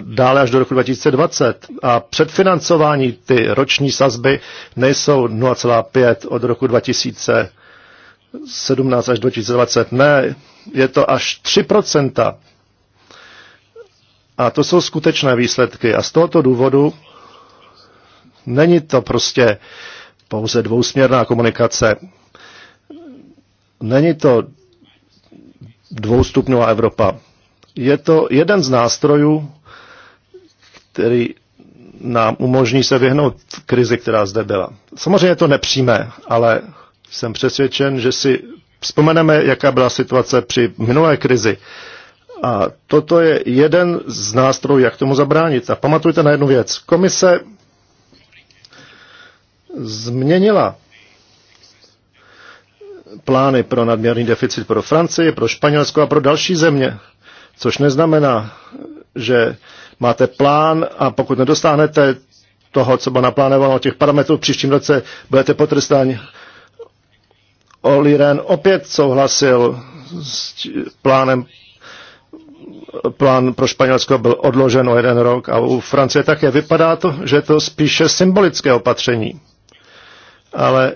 dále až do roku 2020. A předfinancování ty roční sazby nejsou 0,5 od roku 2017 až 2020. Ne, je to až 3 A to jsou skutečné výsledky. A z tohoto důvodu není to prostě pouze dvousměrná komunikace. Není to dvoustupňová Evropa je to jeden z nástrojů, který nám umožní se vyhnout krizi, která zde byla. Samozřejmě je to nepřímé, ale jsem přesvědčen, že si vzpomeneme, jaká byla situace při minulé krizi. A toto je jeden z nástrojů, jak tomu zabránit. A pamatujte na jednu věc. Komise změnila plány pro nadměrný deficit pro Francii, pro Španělsko a pro další země což neznamená, že máte plán a pokud nedostáhnete toho, co bylo naplánováno těch parametrů v příštím roce, budete potrestáni. Oli Ren opět souhlasil s plánem plán pro Španělsko byl odložen o jeden rok a u Francie také vypadá to, že je to spíše symbolické opatření. Ale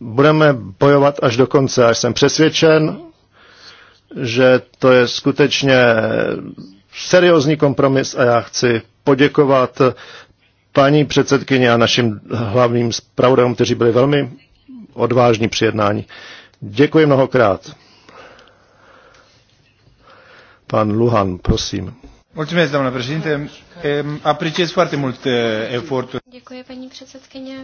budeme bojovat až do konce, až jsem přesvědčen, že to je skutečně seriózní kompromis a já chci poděkovat paní předsedkyni a našim hlavním zpravodajům, kteří byli velmi odvážní při jednání. Děkuji mnohokrát. Pan Luhan, prosím. E, Děkuji, paní předsedkyně.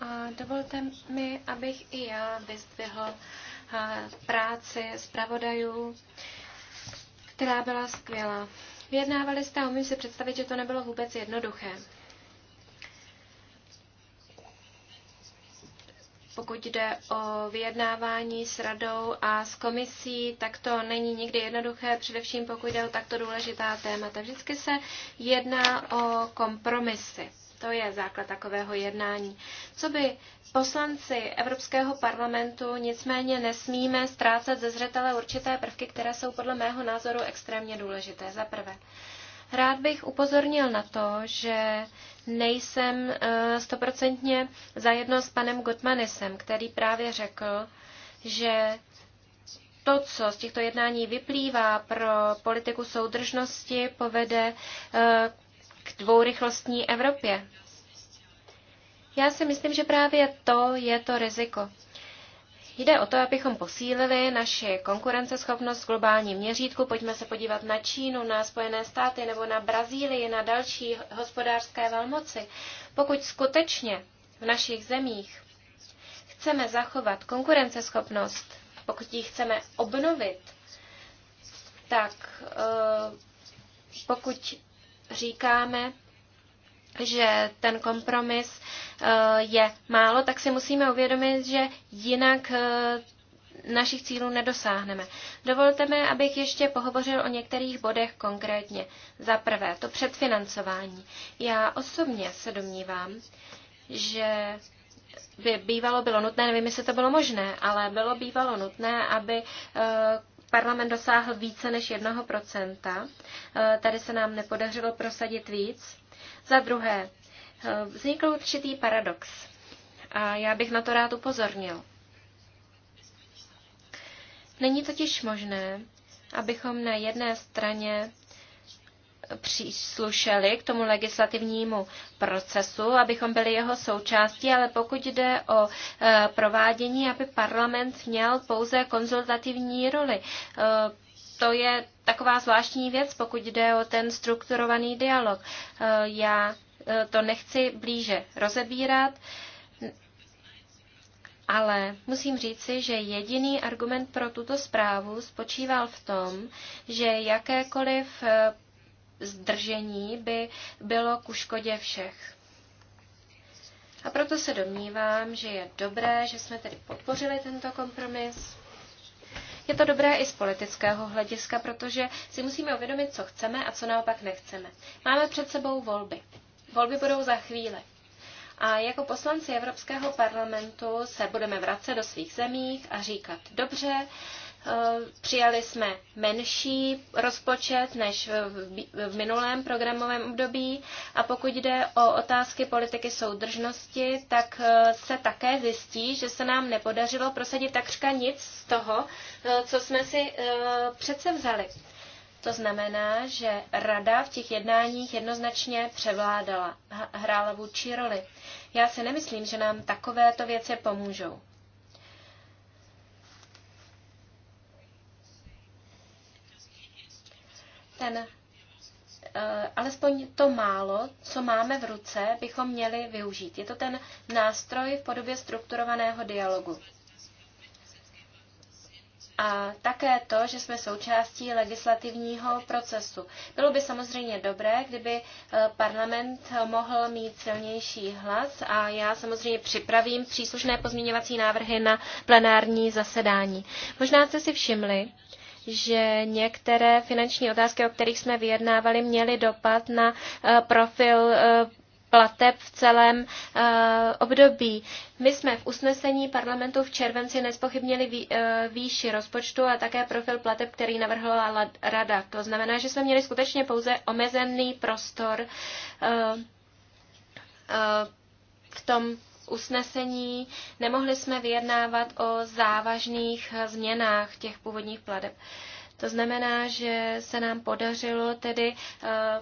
A dovolte mi, abych i já vyzdvihl práci zpravodajů, která byla skvělá. Vyjednávali jste a umím si představit, že to nebylo vůbec jednoduché. Pokud jde o vyjednávání s radou a s komisí, tak to není nikdy jednoduché, především pokud jde o takto důležitá témata. Vždycky se jedná o kompromisy. To je základ takového jednání. Co by poslanci Evropského parlamentu nicméně nesmíme ztrácet ze zřetele určité prvky, které jsou podle mého názoru extrémně důležité. Za prvé, rád bych upozornil na to, že nejsem eh, stoprocentně zajedno s panem Gottmanisem, který právě řekl, že to, co z těchto jednání vyplývá pro politiku soudržnosti, povede k eh, k dvourychlostní Evropě. Já si myslím, že právě to je to riziko. Jde o to, abychom posílili naši konkurenceschopnost v globálním měřítku. Pojďme se podívat na Čínu, na Spojené státy nebo na Brazílii, na další hospodářské velmoci. Pokud skutečně v našich zemích chceme zachovat konkurenceschopnost, pokud ji chceme obnovit, tak eh, pokud říkáme, že ten kompromis eh, je málo, tak si musíme uvědomit, že jinak eh, našich cílů nedosáhneme. Dovolte mi, abych ještě pohovořil o některých bodech konkrétně. Za prvé, to předfinancování. Já osobně se domnívám, že by bývalo bylo nutné, nevím, jestli to bylo možné, ale bylo bývalo nutné, aby eh, parlament dosáhl více než 1%. Eh, tady se nám nepodařilo prosadit víc. Za druhé, eh, vznikl určitý paradox. A já bych na to rád upozornil. Není totiž možné, abychom na jedné straně příslušeli k tomu legislativnímu procesu, abychom byli jeho součástí, ale pokud jde o e, provádění, aby parlament měl pouze konzultativní roli. E, to je taková zvláštní věc, pokud jde o ten strukturovaný dialog. E, já to nechci blíže rozebírat. Ale musím říci, že jediný argument pro tuto zprávu spočíval v tom, že jakékoliv zdržení by bylo ku škodě všech. A proto se domnívám, že je dobré, že jsme tedy podpořili tento kompromis. Je to dobré i z politického hlediska, protože si musíme uvědomit, co chceme a co naopak nechceme. Máme před sebou volby. Volby budou za chvíli. A jako poslanci Evropského parlamentu se budeme vracet do svých zemích a říkat, dobře, Eh, přijali jsme menší rozpočet než v minulém programovém období a pokud jde o otázky politiky soudržnosti, tak eh, se také zjistí, že se nám nepodařilo prosadit takřka nic z toho, eh, co jsme si přece vzali. To znamená, že rada v těch jednáních jednoznačně převládala, hrála vůči roli. Já si nemyslím, že nám takovéto věci pomůžou. ten eh, alespoň to málo, co máme v ruce, bychom měli využít. Je to ten nástroj v podobě strukturovaného dialogu. A také to, že jsme součástí legislativního procesu. Bylo by samozřejmě dobré, kdyby eh, parlament mohl mít silnější hlas a já samozřejmě připravím příslušné pozměňovací návrhy na plenární zasedání. Možná jste si všimli, že některé finanční otázky, o kterých jsme vyjednávali, měly dopad na eh, profil eh, plateb v celém eh, období. My jsme v usnesení parlamentu v červenci nespochybnili výši rozpočtu a také profil plateb, který navrhla rada. To znamená, že jsme měli skutečně pouze omezený prostor v tom usnesení, nemohli jsme vyjednávat o závažných změnách těch původních pladeb. To znamená, že se nám podařilo tedy eh,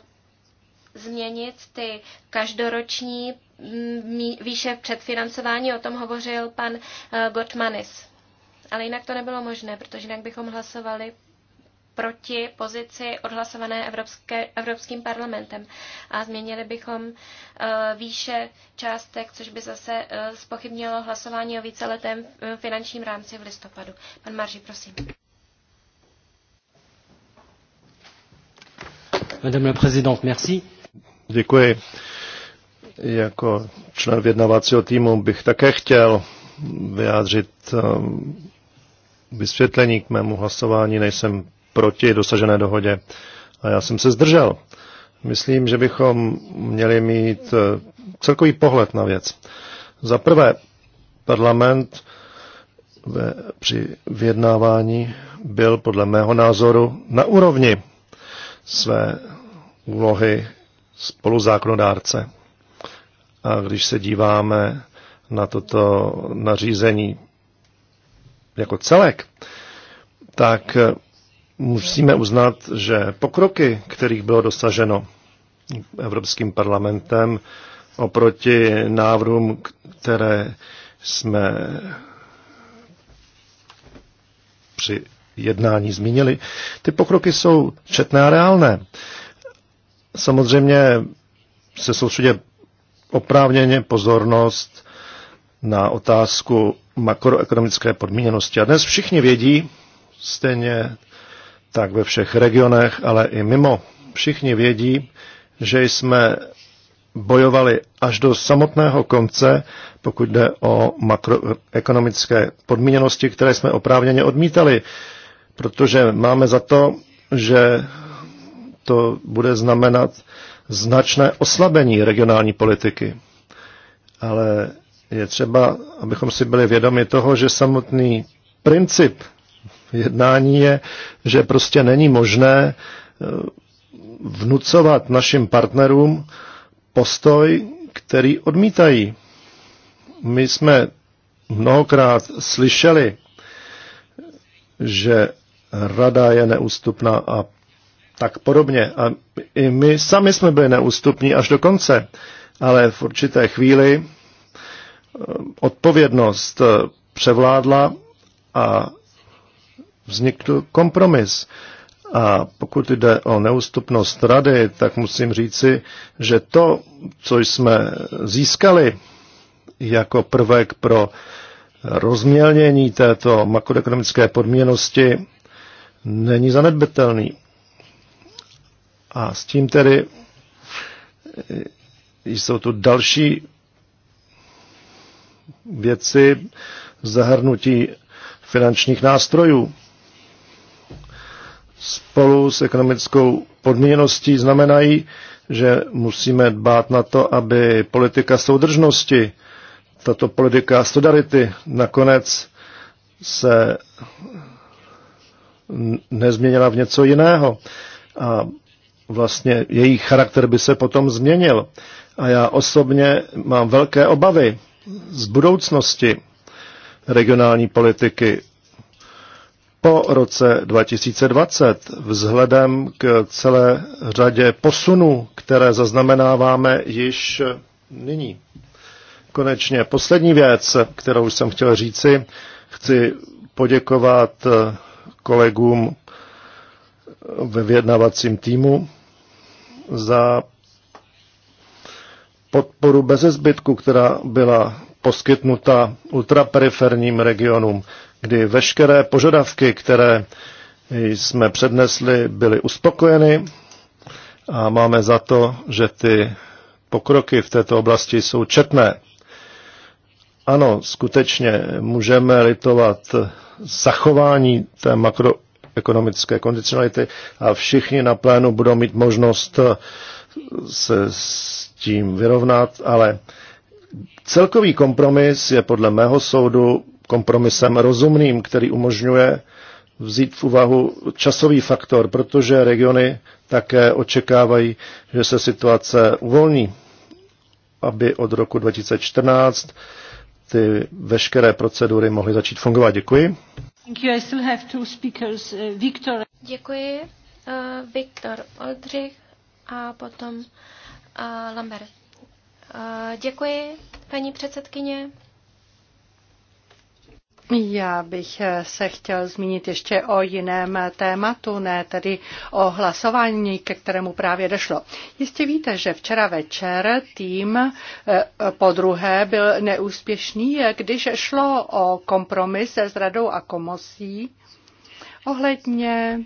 změnit ty každoroční mm, výše předfinancování, o tom hovořil pan eh, Gottmanis. Ale jinak to nebylo možné, protože jinak bychom hlasovali proti pozici odhlasované Evropské, Evropským parlamentem. A změnili bychom e, výše částek, což by zase e, spochybnilo hlasování o víceletém e, finančním rámci v listopadu. Pan Marži, prosím. Madame la présidente, merci. Děkuji. Jako člen vědnavacího týmu bych také chtěl vyjádřit vysvětlení k mému hlasování. Nejsem proti dosažené dohodě a já jsem se zdržel. Myslím, že bychom měli mít eh, celkový pohled na věc. Za prvé, parlament ve, při vyjednávání byl podle mého názoru na úrovni své úlohy spoluzákonodárce. A když se díváme na toto nařízení jako celek, tak eh, musíme uznat, že pokroky, kterých bylo dosaženo Evropským parlamentem oproti návrhům, které jsme při jednání zmínili, ty pokroky jsou četné a reálné. Samozřejmě se soustředí oprávněně pozornost na otázku makroekonomické podmíněnosti. A dnes všichni vědí, stejně tak ve všech regionech, ale i mimo. Všichni vědí, že jsme bojovali až do samotného konce, pokud jde o makroekonomické podmíněnosti, které jsme oprávněně odmítali, protože máme za to, že to bude znamenat značné oslabení regionální politiky. Ale je třeba, abychom si byli vědomi toho, že samotný princip jednání je, že prostě není možné eh, vnucovat našim partnerům postoj, který odmítají. My jsme mnohokrát slyšeli, že rada je neústupná a tak podobně. A i my sami jsme byli neústupní až do konce, ale v určité chvíli eh, odpovědnost eh, převládla a vznikl kompromis. A pokud jde o neústupnost rady, tak musím říci, že to, co jsme získali jako prvek pro rozmělnění této makroekonomické podměnosti, není zanedbatelný. A s tím tedy jsou tu další věci zahrnutí finančních nástrojů spolu s ekonomickou podmíněností znamenají, že musíme dbát na to, aby politika soudržnosti, tato politika solidarity nakonec se nezměnila v něco jiného. A vlastně její charakter by se potom změnil. A já osobně mám velké obavy z budoucnosti regionální politiky po roce 2020 vzhledem k celé řadě posunů, které zaznamenáváme již nyní. Konečně poslední věc, kterou jsem chtěl říci, chci poděkovat kolegům ve vyjednavacím týmu za podporu bezezbytku, zbytku, která byla poskytnuta ultraperiferním regionům kdy veškeré požadavky, které jsme přednesli, byly uspokojeny a máme za to, že ty pokroky v této oblasti jsou četné. Ano, skutečně můžeme litovat zachování té makroekonomické kondicionality a všichni na plénu budou mít možnost se s tím vyrovnat, ale celkový kompromis je podle mého soudu kompromisem rozumným, který umožňuje vzít v úvahu časový faktor, protože regiony také očekávají, že se situace uvolní, aby od roku 2014 ty veškeré procedury mohly začít fungovat. Děkuji. Uh, děkuji. Uh, Viktor Oldřich a potom uh, Lambert. Uh, děkuji, paní předsedkyně. Já bych eh, se chtěl zmínit ještě o jiném eh, tématu, ne tedy o hlasování, ke kterému právě došlo. Jistě víte, že včera večer tým eh, po druhé byl neúspěšný, když šlo o kompromis s radou a komosí ohledně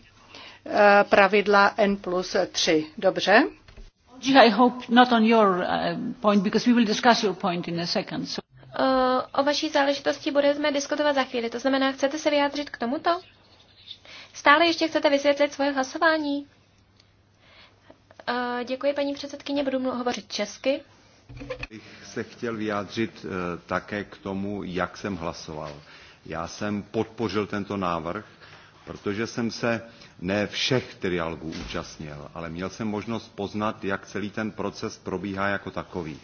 pravidla N plus 3. Dobře? I hope not on your point, because we will discuss your point in a second. So o vaší záležitosti budeme diskutovat za chvíli. To znamená, chcete se vyjádřit k tomuto? Stále ještě chcete vysvětlit svoje hlasování? Eh, děkuji, paní předsedkyně, budu hovořit česky. Bych se chtěl vyjádřit eh, také k tomu, jak jsem hlasoval. Já jsem podpořil tento návrh, protože jsem se ne všech trialogů účastnil, ale měl jsem možnost poznat, jak celý ten proces probíhá jako takový.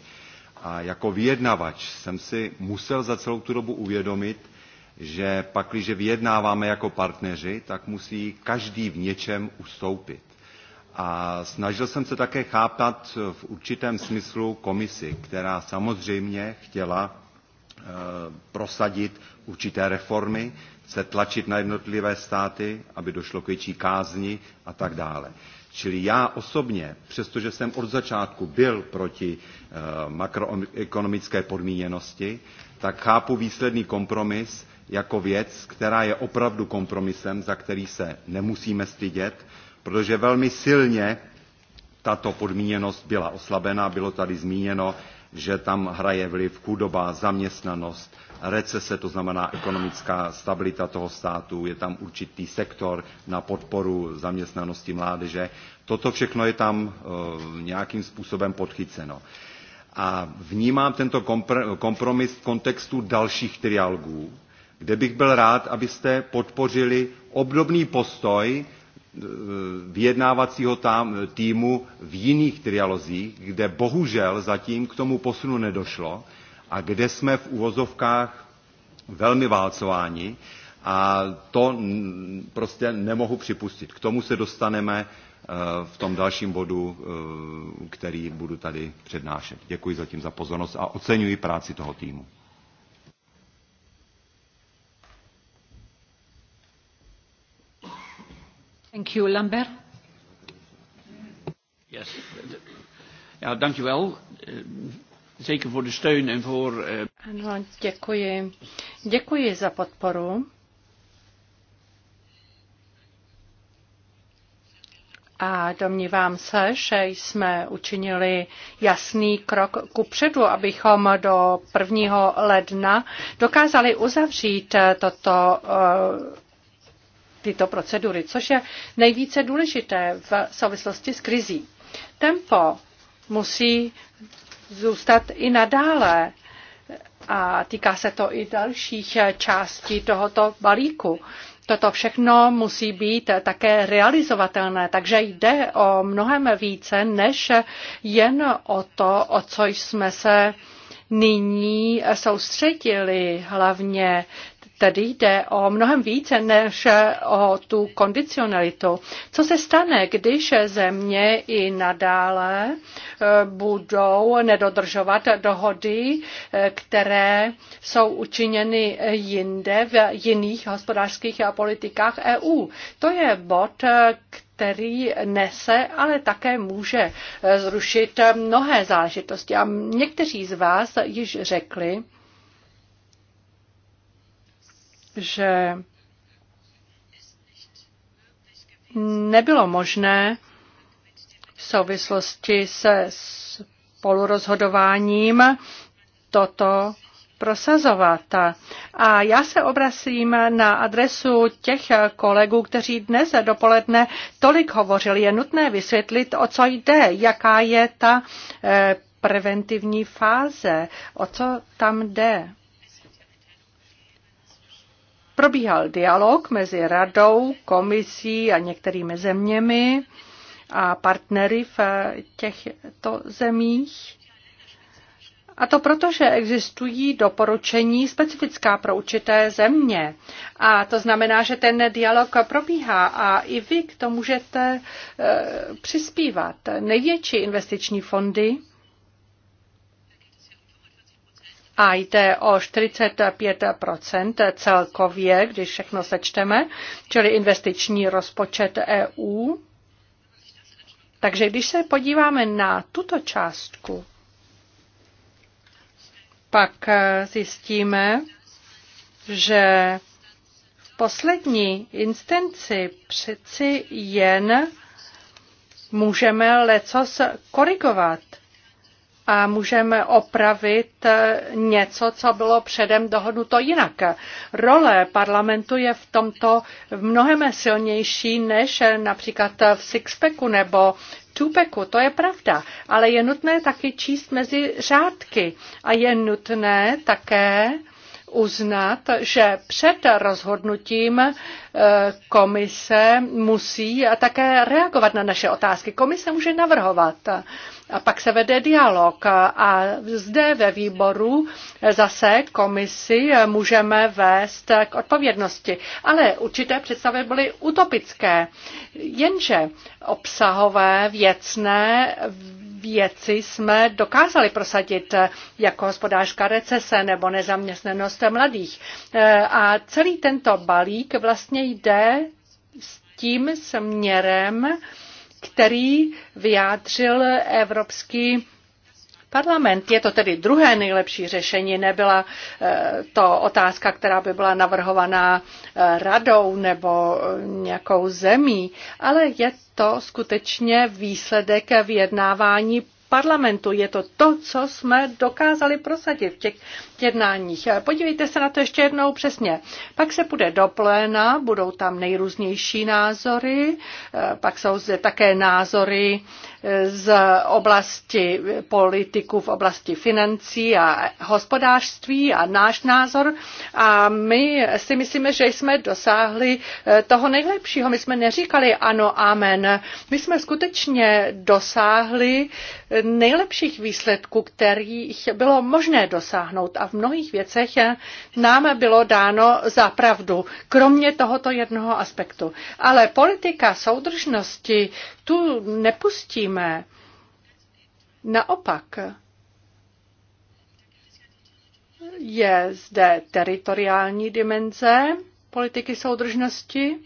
A jako vyjednavač jsem si musel za celou tu dobu uvědomit, že pakliže vyjednáváme jako partneři, tak musí každý v něčem ustoupit. A snažil jsem se také chápat v určitém smyslu komisi, která samozřejmě chtěla eh, prosadit určité reformy, chce tlačit na jednotlivé státy, aby došlo k větší kázni a tak dále. Čili já osobně, přestože jsem od začátku byl proti eh, makroekonomické podmíněnosti, tak chápu výsledný kompromis jako věc, která je opravdu kompromisem, za který se nemusíme stydět, protože velmi silně tato podmíněnost byla oslabena. Bylo tady zmíněno, že tam hraje vliv chudoba, zaměstnanost, recese, to znamená ekonomická stabilita toho státu, je tam určitý sektor na podporu zaměstnanosti mládeže. Toto všechno je tam eh, nějakým způsobem podchyceno. A vnímám tento kompromis v kontextu dalších trialogů, kde bych byl rád, abyste podpořili obdobný postoj eh, vyjednávacího týmu v jiných trialozích, kde bohužel zatím k tomu posunu nedošlo a kde jsme v uvozovkách velmi válcováni a to prostě nemohu připustit. K tomu se dostaneme eh, v tom dalším bodu, eh, který budu tady přednášet. Děkuji zatím za pozornost a oceňuji práci toho týmu. Thank you, Lambert. Yes. Ja, dankjewel. Zeker voor de steun en voor... Eh, ano, děkuji. Děkuji za podporu. A domnívám se, že jsme učinili jasný krok ku předu, abychom do 1. ledna dokázali uzavřít eh, toto eh, tyto procedury, což je nejvíce důležité v souvislosti s krizí. Tempo musí zůstat i nadále. A týká se to i dalších částí tohoto balíku. Toto všechno musí být také realizovatelné, takže jde o mnohem více, než jen o to, o co jsme se nyní soustředili hlavně Tady jde o mnohem více než o tu kondicionalitu. Co se stane, když země i nadále eh, budou nedodržovat dohody, eh, které jsou učiněny jinde v jiných hospodářských politikách EU? To je bod, eh, který nese, ale také může zrušit mnohé záležitosti. A někteří z vás již řekli, že nebylo možné v souvislosti se spolurozhodováním toto prosazovat. A já se obracím na adresu těch kolegů, kteří dnes dopoledne tolik hovořili. Je nutné vysvětlit, o co jde, jaká je ta eh, preventivní fáze, o co tam jde probíhal dialog mezi radou, komisí a některými zeměmi a partnery v těchto zemích. A to proto, že existují doporučení specifická pro určité země. A to znamená, že ten dialog probíhá a i vy k tomu můžete e, přispívat. Největší investiční fondy a jde o 45 celkově, když všechno sečteme, čili investiční rozpočet EU. Takže když se podíváme na tuto částku, pak eh, zjistíme, že v poslední instanci přeci jen můžeme lecos korigovat a můžeme opravit něco, co bylo předem dohodnuto jinak. Role parlamentu je v tomto mnohem silnější než například v Sixpacku nebo Tupeku, to je pravda, ale je nutné taky číst mezi řádky a je nutné také uznat, že před rozhodnutím eh, komise musí také reagovat na naše otázky. Komise může navrhovat a pak se vede dialog. A zde ve výboru zase komisi můžeme vést k odpovědnosti. Ale určité představy byly utopické. Jenže obsahové, věcné věci jsme dokázali prosadit jako hospodářská recese nebo nezaměstnanost mladých. E, a celý tento balík vlastně jde s tím směrem, který vyjádřil Evropský parlament. Je to tedy druhé nejlepší řešení, nebyla eh, to otázka, která by byla navrhovaná eh, radou nebo eh, nějakou zemí, ale je to skutečně výsledek vyjednávání parlamentu. Je to to, co jsme dokázali prosadit v těch jednáních. Podívejte se na to ještě jednou přesně. Pak se půjde do pléna, budou tam nejrůznější názory, pak jsou zde také názory z oblasti politiků v oblasti financí a hospodářství a náš názor. A my si myslíme, že jsme dosáhli toho nejlepšího. My jsme neříkali ano, amen. My jsme skutečně dosáhli nejlepších výsledků, kterých bylo možné dosáhnout. A a v mnohých věcech nám bylo dáno za pravdu, kromě tohoto jednoho aspektu. Ale politika soudržnosti tu nepustíme. Naopak, je zde teritoriální dimenze politiky soudržnosti.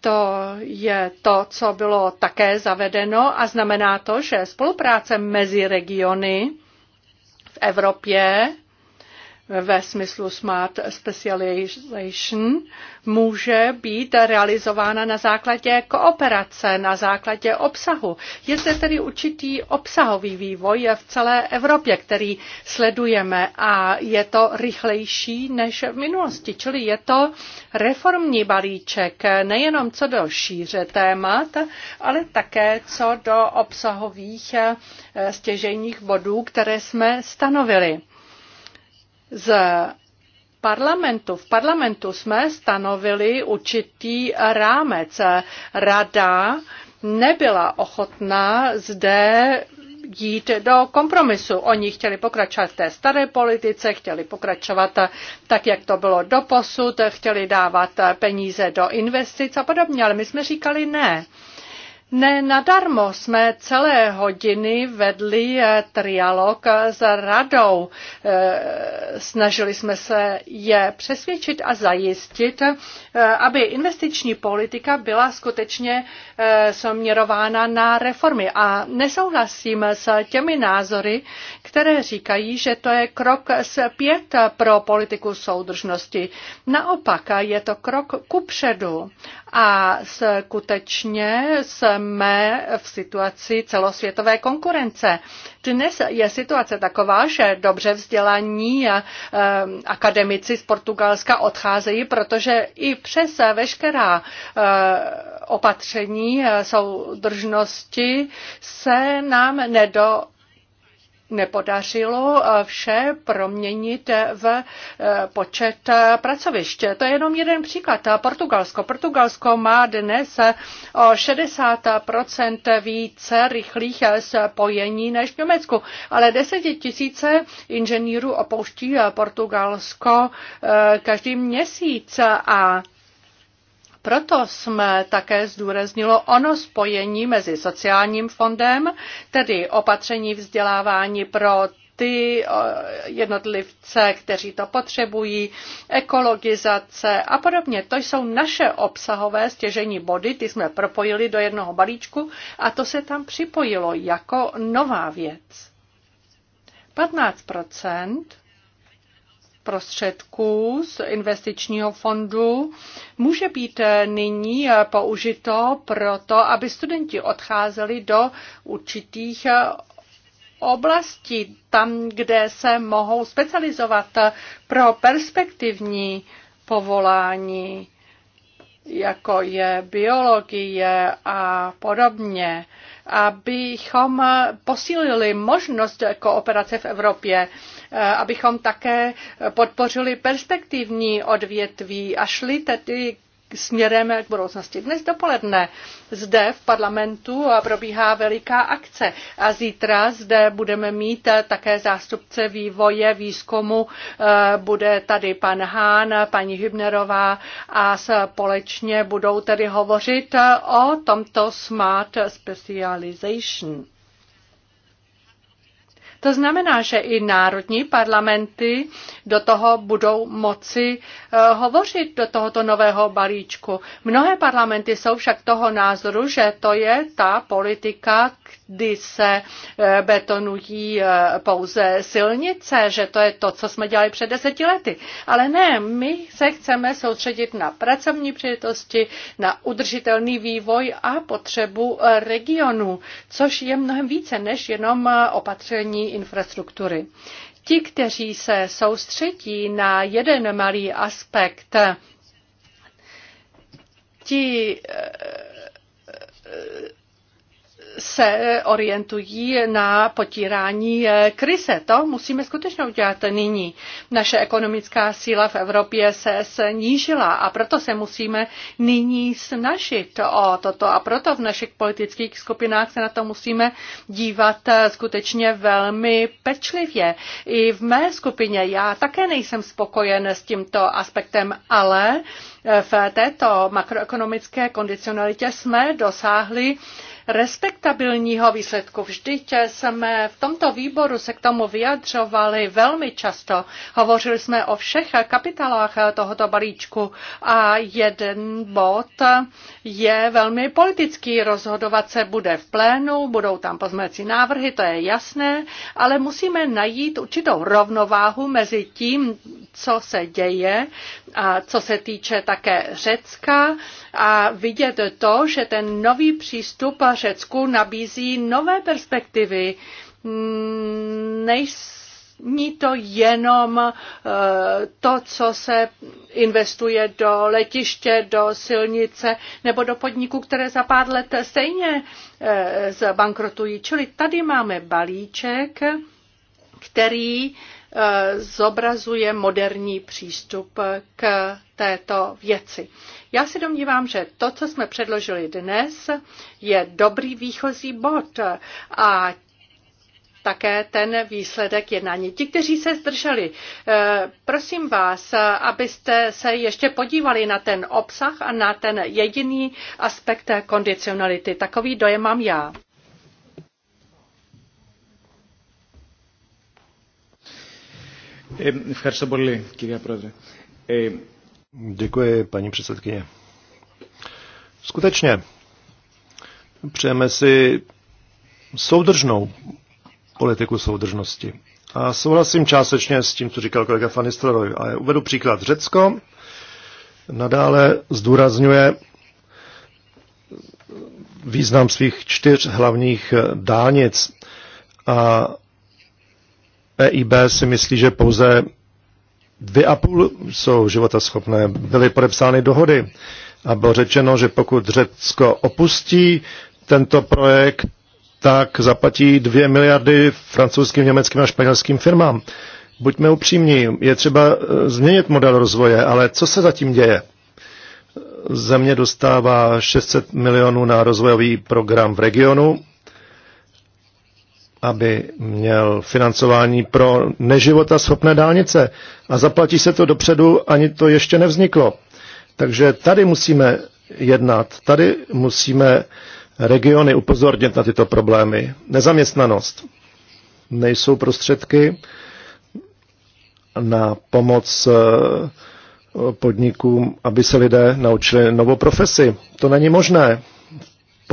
To je to, co bylo také zavedeno a znamená to, že spolupráce mezi regiony v Evropě ve smyslu Smart Specialization může být realizována na základě kooperace, na základě obsahu. Je zde tedy určitý obsahový vývoj v celé Evropě, který sledujeme a je to rychlejší než v minulosti, čili je to reformní balíček nejenom co do šíře témat, ale také co do obsahových eh, stěžejních bodů, které jsme stanovili z parlamentu. V parlamentu jsme stanovili určitý rámec. Rada nebyla ochotná zde jít do kompromisu. Oni chtěli pokračovat v té staré politice, chtěli pokračovat tak, jak to bylo doposud, chtěli dávat peníze do investic a podobně, ale my jsme říkali ne. Ne nadarmo jsme celé hodiny vedli eh, trialog eh, s radou. Eh, snažili jsme se je přesvědčit a zajistit, aby investiční politika byla skutečně směrována na reformy. A nesouhlasím s těmi názory, které říkají, že to je krok zpět pro politiku soudržnosti. Naopak je to krok předu a skutečně jsme v situaci celosvětové konkurence. Dnes je situace taková, že dobře vzdělaní eh, akademici z Portugalska odcházejí, protože i přes veškerá eh, opatření eh, soudržnosti se nám nedo nepodařilo eh, vše proměnit v eh, počet eh, pracovišť. To je jenom jeden příklad. Portugalsko. Portugalsko má dnes o 60 více rychlých spojení než v Německu, ale 10 tisíce inženýrů opouští Portugalsko každý měsíc a proto jsme také zdůraznilo ono spojení mezi sociálním fondem, tedy opatření vzdělávání pro ty eh, jednotlivce, kteří to potřebují, ekologizace a podobně. To jsou naše obsahové stěžení body, ty jsme propojili do jednoho balíčku a to se tam připojilo jako nová věc. 15 prostředků z investičního fondu může být nyní použito proto, aby studenti odcházeli do určitých oblastí, tam, kde se mohou specializovat pro perspektivní povolání, jako je biologie a podobně, abychom posílili možnost kooperace v Evropě. Eh, abychom také podpořili perspektivní odvětví a šli tedy směrem k budoucnosti. Dnes dopoledne zde v parlamentu probíhá veliká akce a zítra zde budeme mít také zástupce vývoje, výzkumu. Eh, bude tady pan Hán, paní Hybnerová a společně budou tedy hovořit o tomto Smart Specialization. To znamená, že i národní parlamenty do toho budou moci eh, hovořit do tohoto nového balíčku. Mnohé parlamenty jsou však toho názoru, že to je ta politika, kdy se eh, betonují eh, pouze silnice, že to je to, co jsme dělali před deseti lety. Ale ne, my se chceme soustředit na pracovní příležitosti, na udržitelný vývoj a potřebu regionu, což je mnohem více než jenom opatření infrastruktury. Ti, kteří se soustředí na jeden malý aspekt, ti eh, se orientují na potírání eh, krize. To musíme skutečně udělat nyní. Naše ekonomická síla v Evropě se snížila a proto se musíme nyní snažit o toto a proto v našich politických skupinách se na to musíme dívat eh, skutečně velmi pečlivě. I v mé skupině já také nejsem spokojen s tímto aspektem, ale v této makroekonomické kondicionalitě jsme dosáhli respektabilního výsledku. Vždyť jsme v tomto výboru se k tomu vyjadřovali velmi často. Hovořili jsme o všech kapitálách tohoto balíčku a jeden bod je velmi politický. Rozhodovat se bude v plénu, budou tam pozměnící návrhy, to je jasné, ale musíme najít určitou rovnováhu mezi tím, co se děje a co se týče tak také Řecka a vidět to, že ten nový přístup Řecku nabízí nové perspektivy. Nejsou mm, není to jenom eh, to, co se investuje do letiště, do silnice nebo do podniků, které za pár let stejně eh, zbankrotují. Čili tady máme balíček, který zobrazuje moderní přístup k této věci. Já si domnívám, že to, co jsme předložili dnes, je dobrý výchozí bod a také ten výsledek jednání. Ti, kteří se zdrželi, eh, prosím vás, abyste se ještě podívali na ten obsah a na ten jediný aspekt kondicionality. Takový dojem mám já. Eh, Děkuji, paní předsedkyně. Skutečně, přejeme si soudržnou politiku soudržnosti. A souhlasím částečně s tím, co říkal kolega Fanistroj. A já uvedu příklad. Řecko nadále zdůrazňuje význam svých čtyř hlavních dálnic a EIB si myslí, že pouze dvě a půl jsou životaschopné. Byly podepsány dohody a bylo řečeno, že pokud Řecko opustí tento projekt, tak zaplatí dvě miliardy francouzským, německým a španělským firmám. Buďme upřímní, je třeba e, změnit model rozvoje, ale co se zatím děje? Země dostává 600 milionů na rozvojový program v regionu, aby měl financování pro neživota schopné dálnice. A zaplatí se to dopředu, ani to ještě nevzniklo. Takže tady musíme jednat, tady musíme regiony upozornit na tyto problémy. Nezaměstnanost. Nejsou prostředky na pomoc eh, podnikům, aby se lidé naučili novou profesi. To není možné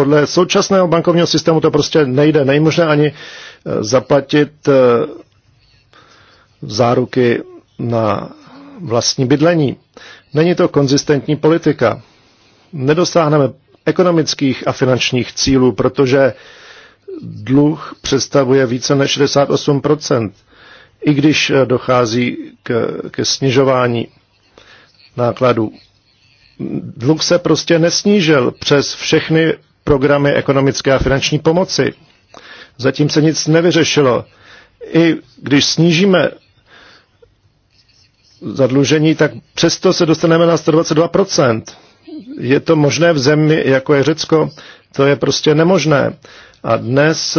podle současného bankovního systému to prostě nejde. Nejmožné ani eh, zaplatit eh, záruky na vlastní bydlení. Není to konzistentní politika. Nedosáhneme ekonomických a finančních cílů, protože dluh představuje více než 68 i když eh, dochází k, ke snižování nákladů. Dluh se prostě nesnížil přes všechny programy ekonomické a finanční pomoci. Zatím se nic nevyřešilo. I když snížíme zadlužení, tak přesto se dostaneme na 122%. Je to možné v zemi, jako je Řecko? To je prostě nemožné. A dnes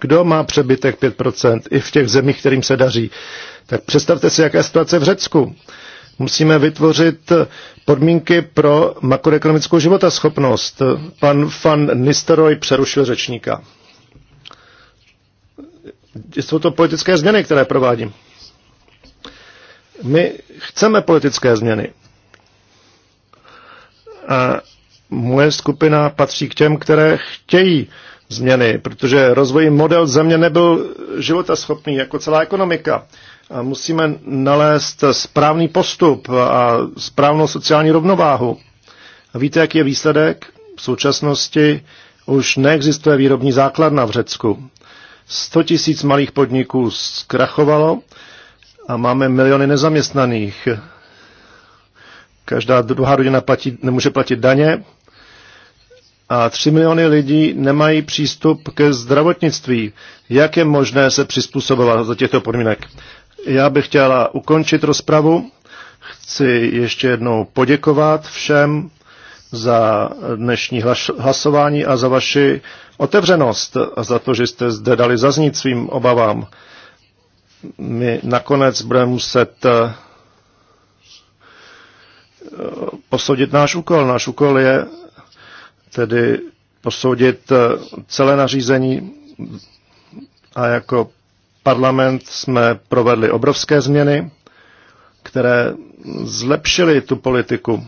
kdo má přebytek 5% i v těch zemích, kterým se daří? Tak představte si, jaká je situace v Řecku musíme vytvořit podmínky pro makroekonomickou životaschopnost. Pan Van Nisteroj přerušil řečníka. Jsou to politické změny, které provádím. My chceme politické změny. A moje skupina patří k těm, které chtějí změny, protože rozvoj model země nebyl životaschopný jako celá ekonomika. A musíme nalézt správný postup a správnou sociální rovnováhu. A víte, jaký je výsledek? V současnosti už neexistuje výrobní základna v Řecku. 100 tisíc malých podniků zkrachovalo a máme miliony nezaměstnaných. Každá druhá rodina platí, nemůže platit daně a 3 miliony lidí nemají přístup ke zdravotnictví. Jak je možné se přizpůsobovat za těchto podmínek? Já bych chtěla ukončit rozpravu. Chci ještě jednou poděkovat všem za dnešní hlasování a za vaši otevřenost a za to, že jste zde dali zaznít svým obavám. My nakonec budeme muset eh, posoudit náš úkol. Náš úkol je tedy posoudit eh, celé nařízení a jako parlament jsme provedli obrovské změny, které zlepšily tu politiku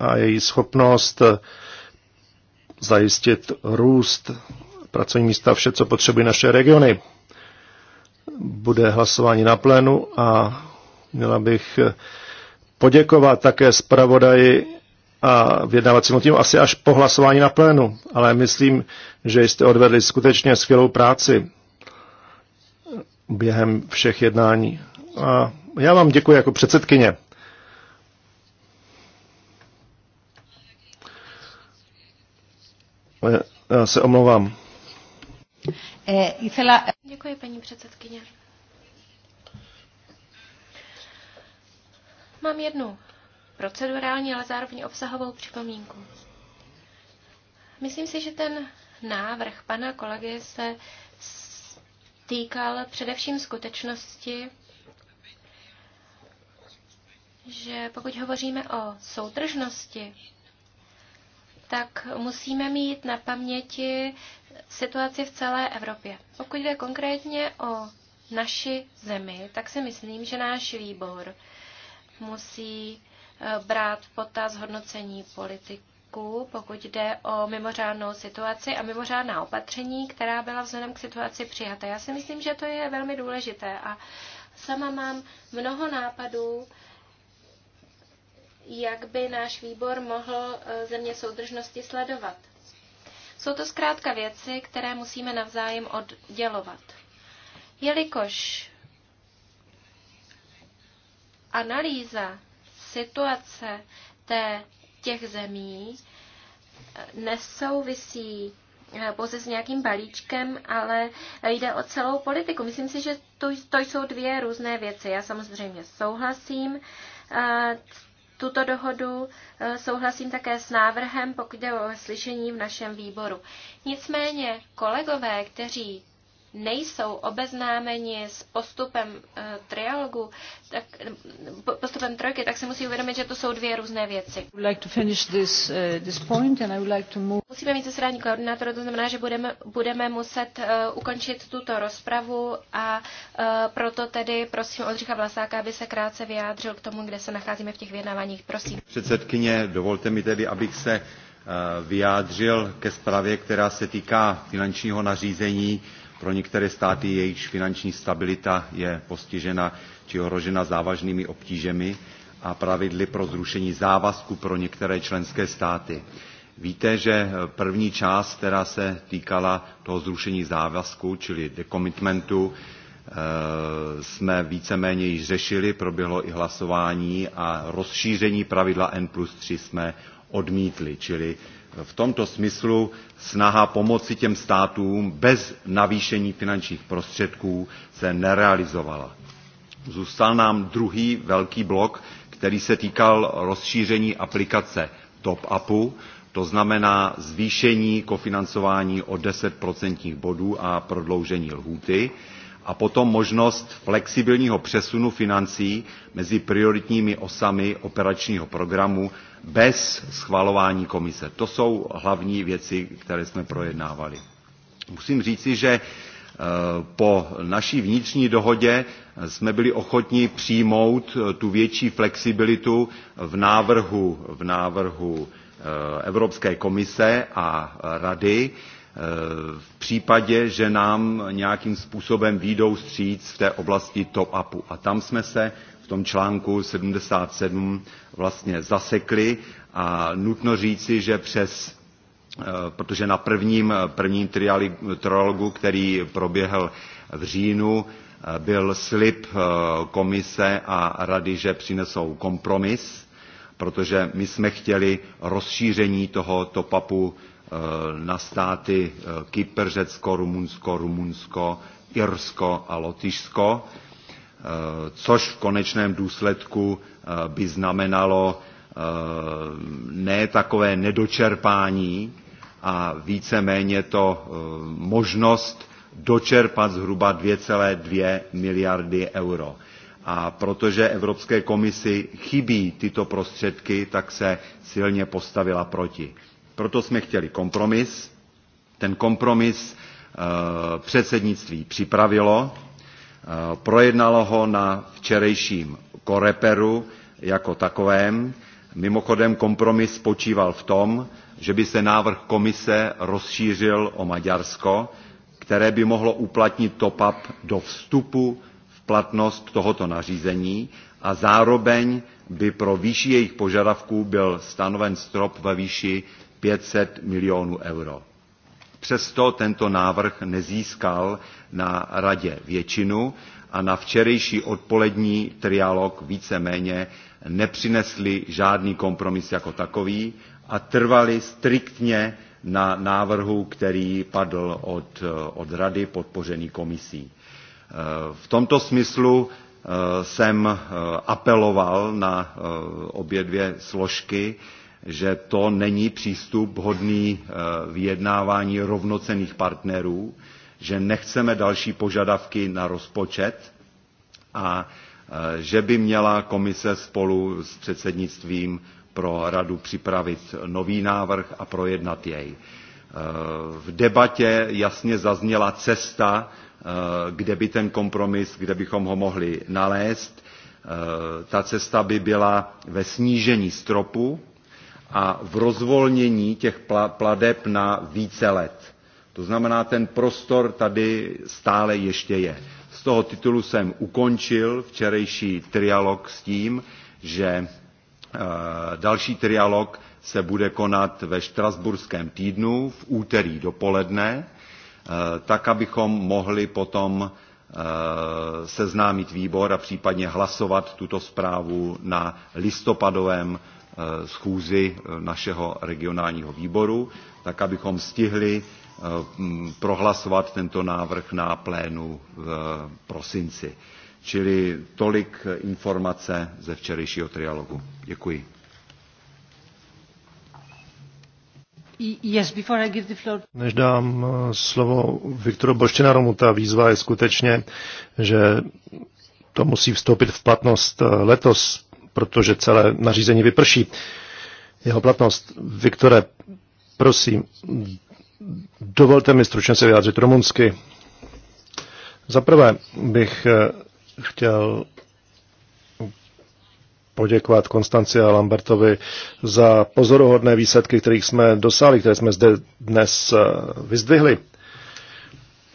a její schopnost zajistit růst, pracovní místa, vše, co potřebují naše regiony. Bude hlasování na plénu a měla bych poděkovat také zpravodaji a vyjednávacímu týmu asi až po hlasování na plénu, ale myslím, že jste odvedli skutečně skvělou práci během všech jednání. A já vám děkuji jako předsedkyně. Já se omlouvám. Eh, děkuji, paní předsedkyně. Mám jednu procedurální, ale zároveň obsahovou připomínku. Myslím si, že ten návrh pana kolegy se týkal především skutečnosti, že pokud hovoříme o soudržnosti, tak musíme mít na paměti situaci v celé Evropě. Pokud jde konkrétně o naši zemi, tak si myslím, že náš výbor musí eh, brát potaz hodnocení politik článku, pokud jde o mimořádnou situaci a mimořádná opatření, která byla vzhledem k situaci přijata. Já si myslím, že to je velmi důležité a sama mám mnoho nápadů, jak by náš výbor mohl e, země soudržnosti sledovat. Jsou to zkrátka věci, které musíme navzájem oddělovat. Jelikož analýza situace té těch zemí eh, nesouvisí eh, pouze s nějakým balíčkem, ale jde o celou politiku. Myslím si, že to, to jsou dvě různé věci. Já samozřejmě souhlasím eh, tuto dohodu, souhlasím také s návrhem, pokud jde o slyšení v našem výboru. Nicméně kolegové, kteří nejsou obeznámeni s postupem e, trialogu, tak, postupem trojky, tak si musí uvědomit, že to jsou dvě různé věci. Eh, Musíme mít zasedání koordinátora, to znamená, že budeme, budeme muset uh, ukončit tuto rozpravu a uh, proto tedy prosím Oldřicha Vlasáka, aby se krátce vyjádřil k tomu, kde se nacházíme v těch vyjednáváních. Prosím. Předsedkyně, dovolte mi tedy, abych se vyjádřil ke zprávě, která se týká finančního nařízení pro některé státy jejichž finanční stabilita je postižena či ohrožena závažnými obtížemi a pravidly pro zrušení závazku pro některé členské státy. Víte, že první část, která se týkala toho zrušení závazku, čili dekomitmentu, eh, jsme víceméně již řešili, proběhlo i hlasování a rozšíření pravidla N plus 3 jsme odmítli, čili v tomto smyslu snaha pomoci těm státům bez navýšení finančních prostředků se nerealizovala. Zůstal nám druhý velký blok, který se týkal rozšíření aplikace top-upu, to znamená zvýšení kofinancování o 10 procentních bodů a prodloužení lhůty a potom možnost flexibilního přesunu financí mezi prioritními osami operačního programu bez schvalování komise. To jsou hlavní věci, které jsme projednávali. Musím říci, že eh, po naší vnitřní dohodě eh, jsme byli ochotni přijmout eh, tu větší flexibilitu v návrhu, v návrhu Evropské komise a Rady, v případě, že nám nějakým způsobem výjdou stříc v té oblasti top-upu. A tam jsme se v tom článku 77 vlastně zasekli a nutno říci, že přes eh, protože na prvním, prvním trialogu, který proběhl v říjnu, eh, byl slib eh, komise a rady, že přinesou kompromis, protože my jsme chtěli rozšíření toho topapu Eh, na státy eh, Kypr, Řecko, Rumunsko, Rumunsko, Irsko a Lotyšsko, eh, což v konečném důsledku by znamenalo ne takové nedočerpání a víceméně to možnost dočerpat zhruba 2,2 miliardy euro. A protože Evropské komisi chybí tyto prostředky, tak se silně postavila proti. Proto jsme chtěli kompromis. Ten kompromis eh, předsednictví připravilo, eh, projednalo ho na včerejším koreperu jako takovém. Mimochodem kompromis spočíval v tom, že by se návrh komise rozšířil o Maďarsko, které by mohlo uplatnit topap do vstupu v platnost tohoto nařízení a zároveň by pro výši jejich požadavků byl stanoven strop ve výši 500 milionů euro. Přesto tento návrh nezískal na radě většinu a na včerejší odpolední trialog víceméně nepřinesli žádný kompromis jako takový a trvali striktně na návrhu, který padl od, od rady podpořený komisí. V tomto smyslu eh, jsem eh, apeloval na eh, obě dvě složky, že to není přístup hodný eh, vyjednávání rovnocených partnerů, že nechceme další požadavky na rozpočet a eh, že by měla komise spolu s předsednictvím pro radu připravit nový návrh a projednat jej. Eh, v debatě jasně zazněla cesta, kde by ten kompromis, kde bychom ho mohli nalézt. Ta cesta by byla ve snížení stropu a v rozvolnění těch pladeb na více let. To znamená, ten prostor tady stále ještě je. Z toho titulu jsem ukončil včerejší trialog s tím, že eh, další trialog se bude konat ve Štrasburském týdnu v úterý dopoledne, eh, tak abychom mohli potom eh, seznámit výbor a případně hlasovat tuto zprávu na listopadovém Eh, schůzi eh, našeho regionálního výboru, tak abychom stihli eh, prohlasovat tento návrh na plénu v prosinci. Čili tolik informace ze včerejšího trialogu. Děkuji. Yes, before I give the floor. Než dám slovo Viktoru Boštinaromu, ta výzva je skutečně, že to musí vstoupit v platnost letos protože celé nařízení vyprší jeho platnost. Viktore, prosím, dovolte mi stručně se vyjádřit rumunsky. Za prvé bych eh, chtěl poděkovat Konstanci a Lambertovi za pozoruhodné výsledky, kterých jsme dosáhli, které jsme zde dnes eh, vyzdvihli.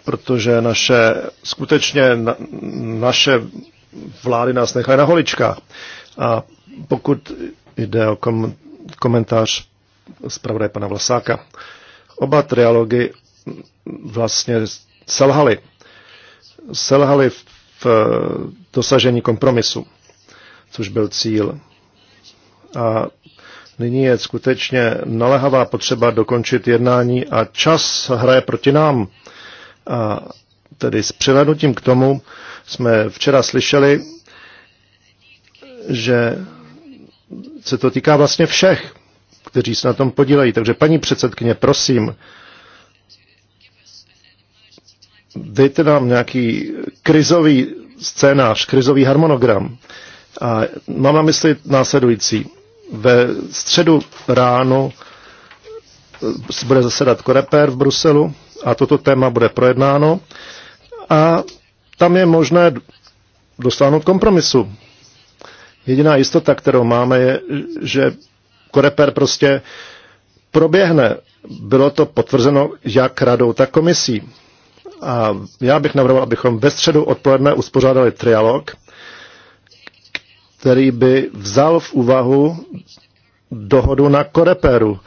Protože naše, skutečně na, naše vlády nás nechají na holičkách. A pokud jde o kom- komentář zpravodaje pana Vlasáka, oba trialogy vlastně selhaly. Selhaly v dosažení kompromisu, což byl cíl. A nyní je skutečně nalehavá potřeba dokončit jednání a čas hraje proti nám. A tedy s přihlednutím k tomu jsme včera slyšeli, že se to týká vlastně všech, kteří se na tom podílejí. Takže paní předsedkyně, prosím, dejte nám nějaký krizový scénář, krizový harmonogram. A mám na mysli následující. Ve středu ráno eh, bude zasedat korepér v Bruselu a toto téma bude projednáno a tam je možné dosáhnout kompromisu. Jediná jistota, kterou máme, je, že koreper prostě proběhne. Bylo to potvrzeno jak radou, tak komisí. A já bych navrhoval, abychom ve středu odpoledne uspořádali trialog, který by vzal v úvahu dohodu na koreperu.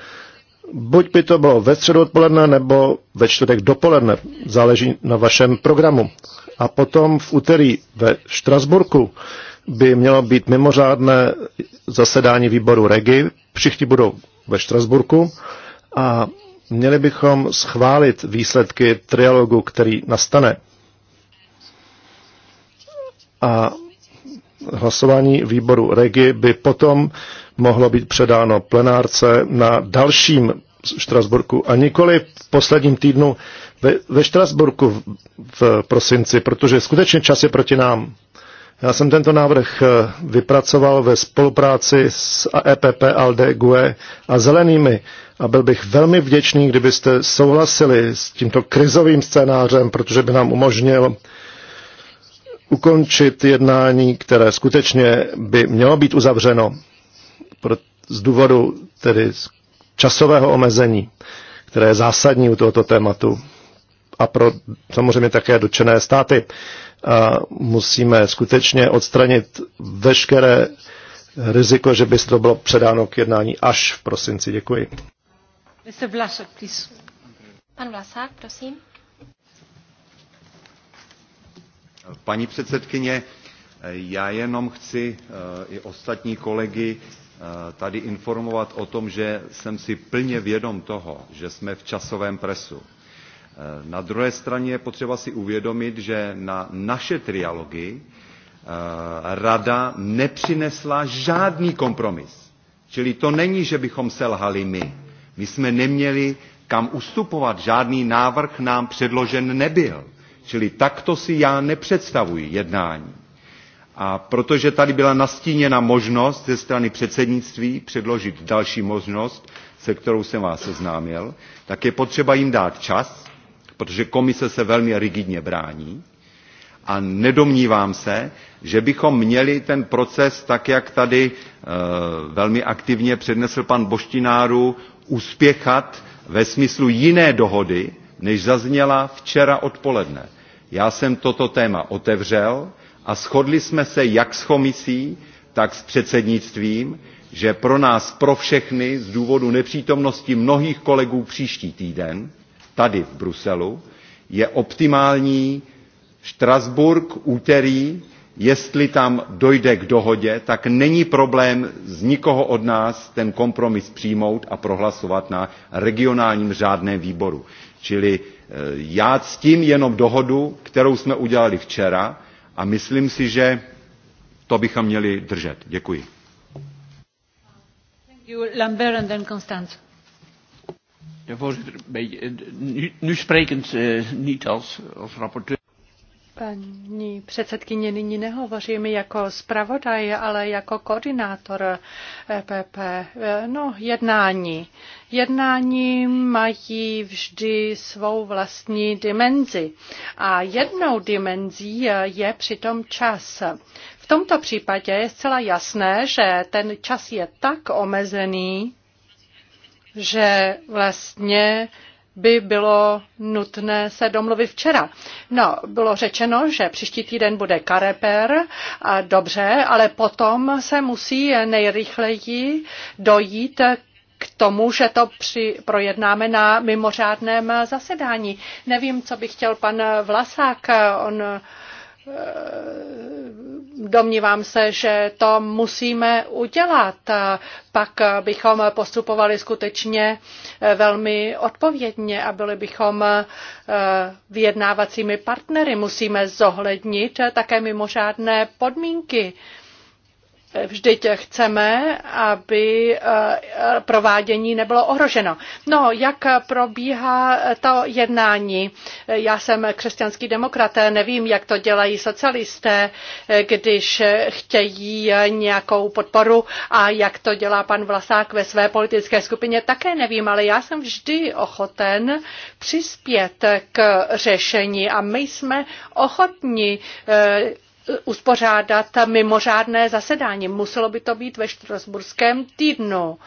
Buď by to bylo ve středu odpoledne nebo ve čtvrtek dopoledne, záleží na vašem programu. A potom v úterý ve Štrasburku by mělo být mimořádné zasedání výboru REGI. Všichni budou ve Štrasburku a měli bychom schválit výsledky trialogu, který nastane. A hlasování výboru REGI by potom mohlo být předáno plenárce na dalším Štrasburku a nikoli v posledním týdnu ve, ve Štrasburku v, v prosinci, protože skutečně čas je proti nám. Já jsem tento návrh eh, vypracoval ve spolupráci s EPP, ALDE, GUE a Zelenými a byl bych velmi vděčný, kdybyste souhlasili s tímto krizovým scénářem, protože by nám umožnil ukončit jednání, které skutečně by mělo být uzavřeno z důvodu tedy časového omezení, které je zásadní u tohoto tématu a pro samozřejmě také dočené státy a musíme skutečně odstranit veškeré riziko, že by se to bylo předáno k jednání až v prosinci. Děkuji. Pan Vlasák, prosím. Paní předsedkyně, já jenom chci eh, i ostatní kolegy eh, tady informovat o tom, že jsem si plně vědom toho, že jsme v časovém presu Eh, na druhé straně je potřeba si uvědomit, že na naše trialogy eh, rada nepřinesla žádný kompromis. Čili to není, že bychom selhali my. My jsme neměli kam ustupovat, žádný návrh nám předložen nebyl. Čili takto si já nepředstavuji jednání. A protože tady byla nastíněna možnost ze strany předsednictví předložit další možnost, se kterou jsem vás seznámil, tak je potřeba jim dát čas, protože komise se velmi rigidně brání a nedomnívám se, že bychom měli ten proces, tak jak tady eh, velmi aktivně přednesl pan Boštináru, uspěchat ve smyslu jiné dohody, než zazněla včera odpoledne. Já jsem toto téma otevřel a shodli jsme se jak s komisí, tak s předsednictvím, že pro nás, pro všechny, z důvodu nepřítomnosti mnohých kolegů příští týden, tady v Bruselu, je optimální Štrasburg úterý, jestli tam dojde k dohodě, tak není problém z nikoho od nás ten kompromis přijmout a prohlasovat na regionálním řádném výboru. Čili e, já s tím jenom dohodu, kterou jsme udělali včera a myslím si, že to bychom měli držet. Děkuji. Lambert and then Constance. Ja, voorzitter, eh, nu, nu sprekend uh, niet als, als rapporteur. Paní předsedkyně, nyní nehovořím jako zpravodaj, ale jako koordinátor EPP. Eh, no, jednání. Jednání mají vždy svou vlastní dimenzi. A jednou dimenzí je přitom čas. V tomto případě je zcela jasné, že ten čas je tak omezený, že vlastně by bylo nutné se domluvit včera. No, bylo řečeno, že příští týden bude kareper, a dobře, ale potom se musí nejrychleji dojít k tomu, že to při, projednáme na mimořádném zasedání. Nevím, co by chtěl pan Vlasák, on Eh, domnívám se, že to musíme udělat. Pak bychom postupovali skutečně eh, velmi odpovědně a byli bychom eh, vyjednávacími partnery. Musíme zohlednit také mimořádné podmínky Vždyť chceme, aby eh, provádění nebylo ohroženo. No, jak probíhá to jednání? Já jsem křesťanský demokraté, nevím, jak to dělají socialisté, když chtějí nějakou podporu a jak to dělá pan Vlasák ve své politické skupině, také nevím, ale já jsem vždy ochoten přispět k řešení a my jsme ochotni eh, uspořádat mimořádné zasedání. Muselo by to být ve Štrasburském týdnu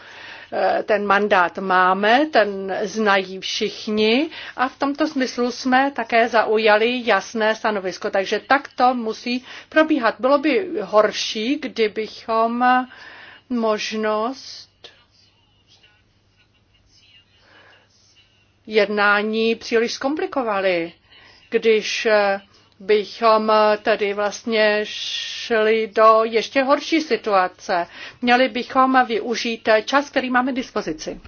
eh, ten mandát máme, ten znají všichni a v tomto smyslu jsme také zaujali jasné stanovisko. Takže tak to musí probíhat. Bylo by horší, kdybychom možnost jednání příliš zkomplikovali, když eh, bychom tedy vlastně šli do ještě horší situace. Měli bychom využít čas, který máme k dispozici.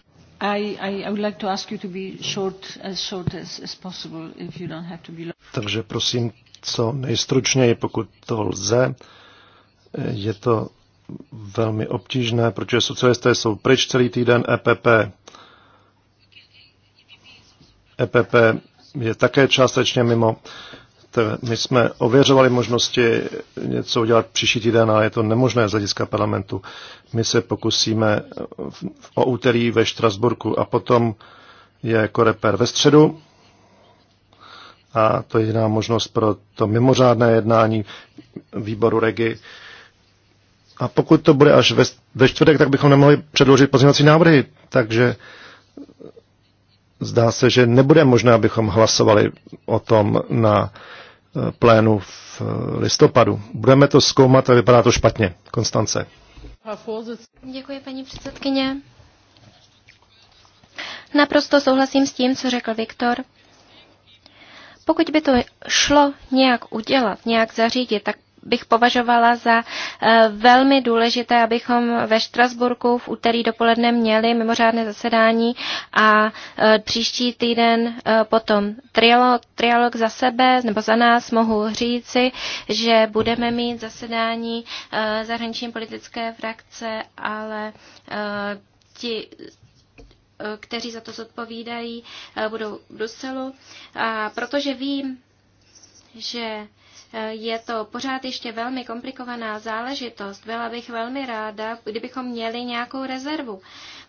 Takže prosím, co nejstručněji, pokud to lze. Je to velmi obtížné, protože socialisté jsou pryč celý týden, EPP. EPP je také částečně mimo. My jsme ověřovali možnosti něco udělat příští týden, ale je to nemožné z hlediska parlamentu. My se pokusíme o úterý ve Štrasburku a potom je koreper ve středu a to je jediná možnost pro to mimořádné jednání výboru Regi. A pokud to bude až ve, ve čtvrtek, tak bychom nemohli předložit pozměňovací návrhy, takže zdá se, že nebude možné, abychom hlasovali o tom na plénu v listopadu. Budeme to zkoumat a vypadá to špatně. Konstance. Děkuji, paní předsedkyně. Naprosto souhlasím s tím, co řekl Viktor. Pokud by to šlo nějak udělat, nějak zařídit, tak bych považovala za eh, velmi důležité, abychom ve Štrasburku v úterý dopoledne měli mimořádné zasedání a eh, příští týden eh, potom trialog, trialog za sebe nebo za nás mohu říci, že budeme mít zasedání zahraniční politické frakce, ale ti kteří za to zodpovídají, budou v Bruselu. A protože vím, že je to pořád ještě velmi komplikovaná záležitost. Byla bych velmi ráda, kdybychom měli nějakou rezervu.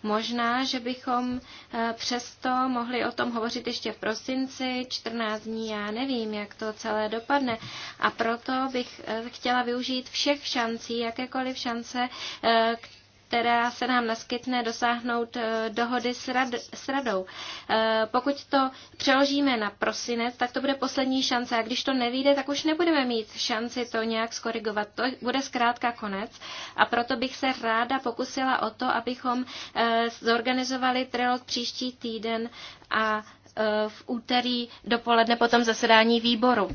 Možná, že bychom eh, přesto mohli o tom hovořit ještě v prosinci, 14 dní, já nevím, jak to celé dopadne. A proto bych eh, chtěla využít všech šancí, jakékoliv šance, které eh, která se nám naskytne dosáhnout eh, dohody s, rad, s radou. Eh, pokud to přeložíme na prosinec, tak to bude poslední šance a když to nevíde, tak už nebudeme mít šanci to nějak skorigovat. To bude zkrátka konec a proto bych se ráda pokusila o to, abychom eh, zorganizovali trilog příští týden a Eh, v úterý dopoledne po tom zasedání výboru.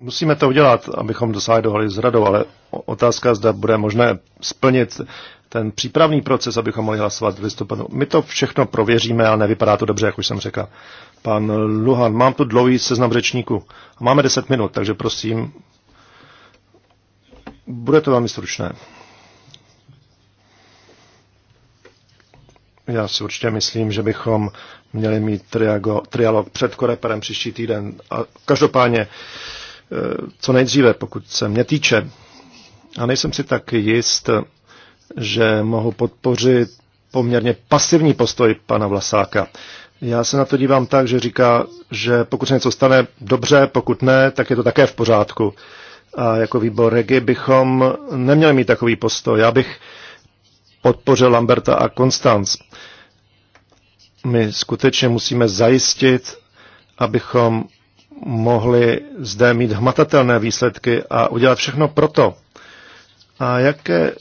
Musíme to udělat, abychom dosáhli dohody s radou, ale otázka, zda bude možné splnit ten přípravný proces, abychom mohli hlasovat v listopadu. My to všechno prověříme, ale nevypadá to dobře, jak už jsem řekl. Pan Luhan, mám tu dlouhý seznam řečníků. Máme 10 minut, takže prosím, bude to velmi stručné. Já si určitě myslím, že bychom měli mít triago, trialog před koreperem příští týden. A každopádně, e, co nejdříve, pokud se mě týče. A nejsem si tak jist, že mohu podpořit poměrně pasivní postoj pana Vlasáka. Já se na to dívám tak, že říká, že pokud se něco stane dobře, pokud ne, tak je to také v pořádku. A jako výbor Regi bychom neměli mít takový postoj. Já bych podpoře Lamberta a Konstanc. My skutečně musíme zajistit, abychom mohli zde mít hmatatelné výsledky a udělat všechno proto. A jaké,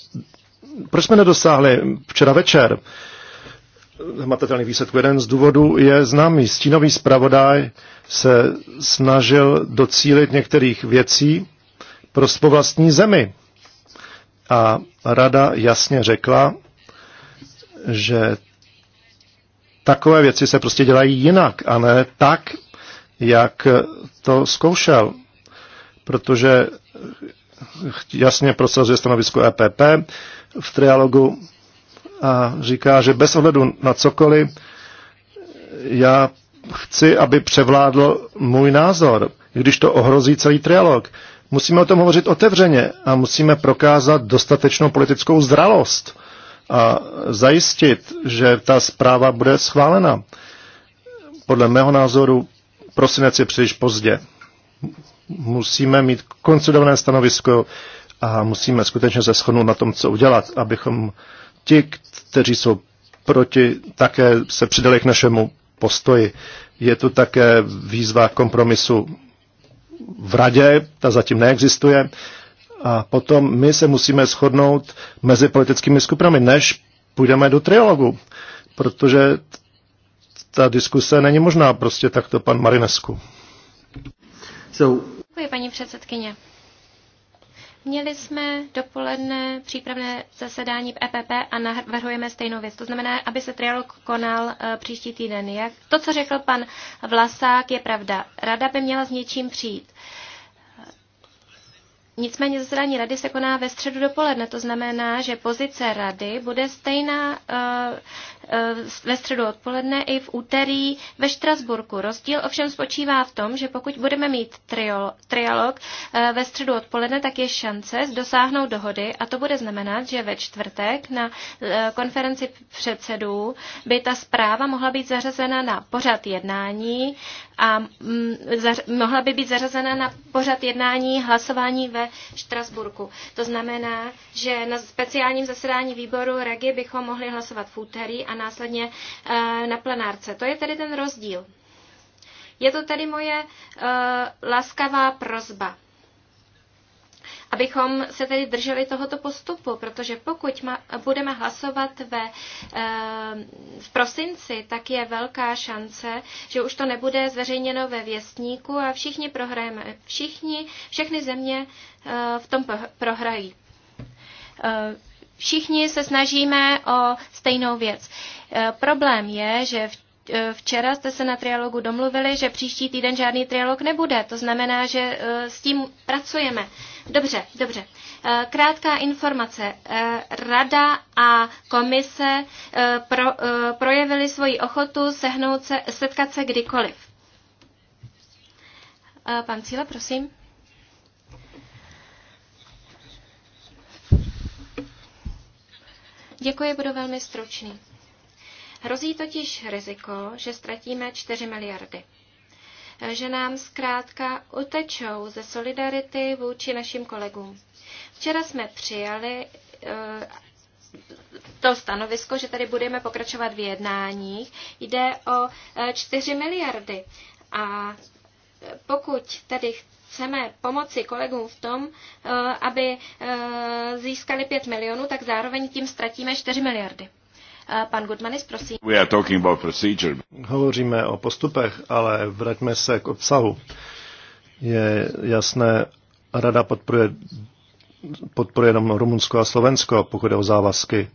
proč jsme nedosáhli včera večer hmatatelných výsledků? Jeden z důvodů je známý. Stínový zpravodaj se snažil docílit některých věcí pro svou vlastní zemi. A rada jasně řekla, že takové věci se prostě dělají jinak a ne tak, jak to zkoušel. Protože jasně prosazuje stanovisko EPP v trialogu a říká, že bez ohledu na cokoliv, já chci, aby převládl můj názor, když to ohrozí celý trialog. Musíme o tom hovořit otevřeně a musíme prokázat dostatečnou politickou zralost a zajistit, že ta zpráva bude schválena. Podle mého názoru prosinec je příliš pozdě. Musíme mít konsolidované stanovisko a musíme skutečně se shodnout na tom, co udělat, abychom ti, kteří jsou proti, také se přidali k našemu postoji. Je tu také výzva kompromisu v radě, ta zatím neexistuje, a potom my se musíme shodnout mezi politickými skupinami, než půjdeme do trialogu, protože ta diskuse není možná prostě takto pan Marinesku. So. Děkuji, paní předsedkyně. Měli jsme dopoledne přípravné zasedání v EPP a navrhujeme stejnou věc. To znamená, aby se trialog konal eh, příští týden. Jak to, co řekl pan Vlasák, je pravda. Rada by měla s něčím přijít. Nicméně zasedání rady se koná ve středu dopoledne, to znamená, že pozice rady bude stejná eh, Eh, ve středu odpoledne i v úterý ve Štrasburku. Rozdíl ovšem spočívá v tom, že pokud budeme mít trialog eh, ve středu odpoledne, tak je šance dosáhnout dohody a to bude znamenat, že ve čtvrtek na eh, konferenci předsedů by ta zpráva mohla být zařazena na pořad jednání a mm, mohla by být zařazena na pořad jednání hlasování ve Štrasburku. To znamená, že na speciálním zasedání výboru Regi bychom mohli hlasovat v úterý a následně eh, na plenárce. To je tedy ten rozdíl. Je to tedy moje eh, laskavá prozba abychom se tedy drželi tohoto postupu, protože pokud ma, budeme hlasovat ve, eh, v prosinci, tak je velká šance, že už to nebude zveřejněno ve věstníku a všichni prohrajeme. Všichni, všechny země v tom prohrají. Všichni se snažíme o stejnou věc. E, problém je, že v e, Včera jste se na trialogu domluvili, že příští týden žádný trialog nebude. To znamená, že e, s tím pracujeme. Dobře, dobře. Krátká informace. Rada a komise pro, projevili svoji ochotu sehnout se, setkat se kdykoliv. Pan Cíle, prosím. Děkuji, budu velmi stručný. Hrozí totiž riziko, že ztratíme 4 miliardy. Že nám zkrátka utečou ze solidarity vůči našim kolegům. Včera jsme přijali eh, to stanovisko, že tady budeme pokračovat v jednáních. Jde o 4 eh, miliardy. A eh, pokud tady chceme pomoci kolegům v tom, eh, aby eh, získali 5 milionů, tak zároveň tím ztratíme 4 miliardy. Eh, pan Gudmanis, prosím. We are talking about procedure. Hovoříme o postupech, ale vraťme se k obsahu. Je jasné, rada podporuje, podporuje jenom Rumunsko a Slovensko, pokud je o závazky,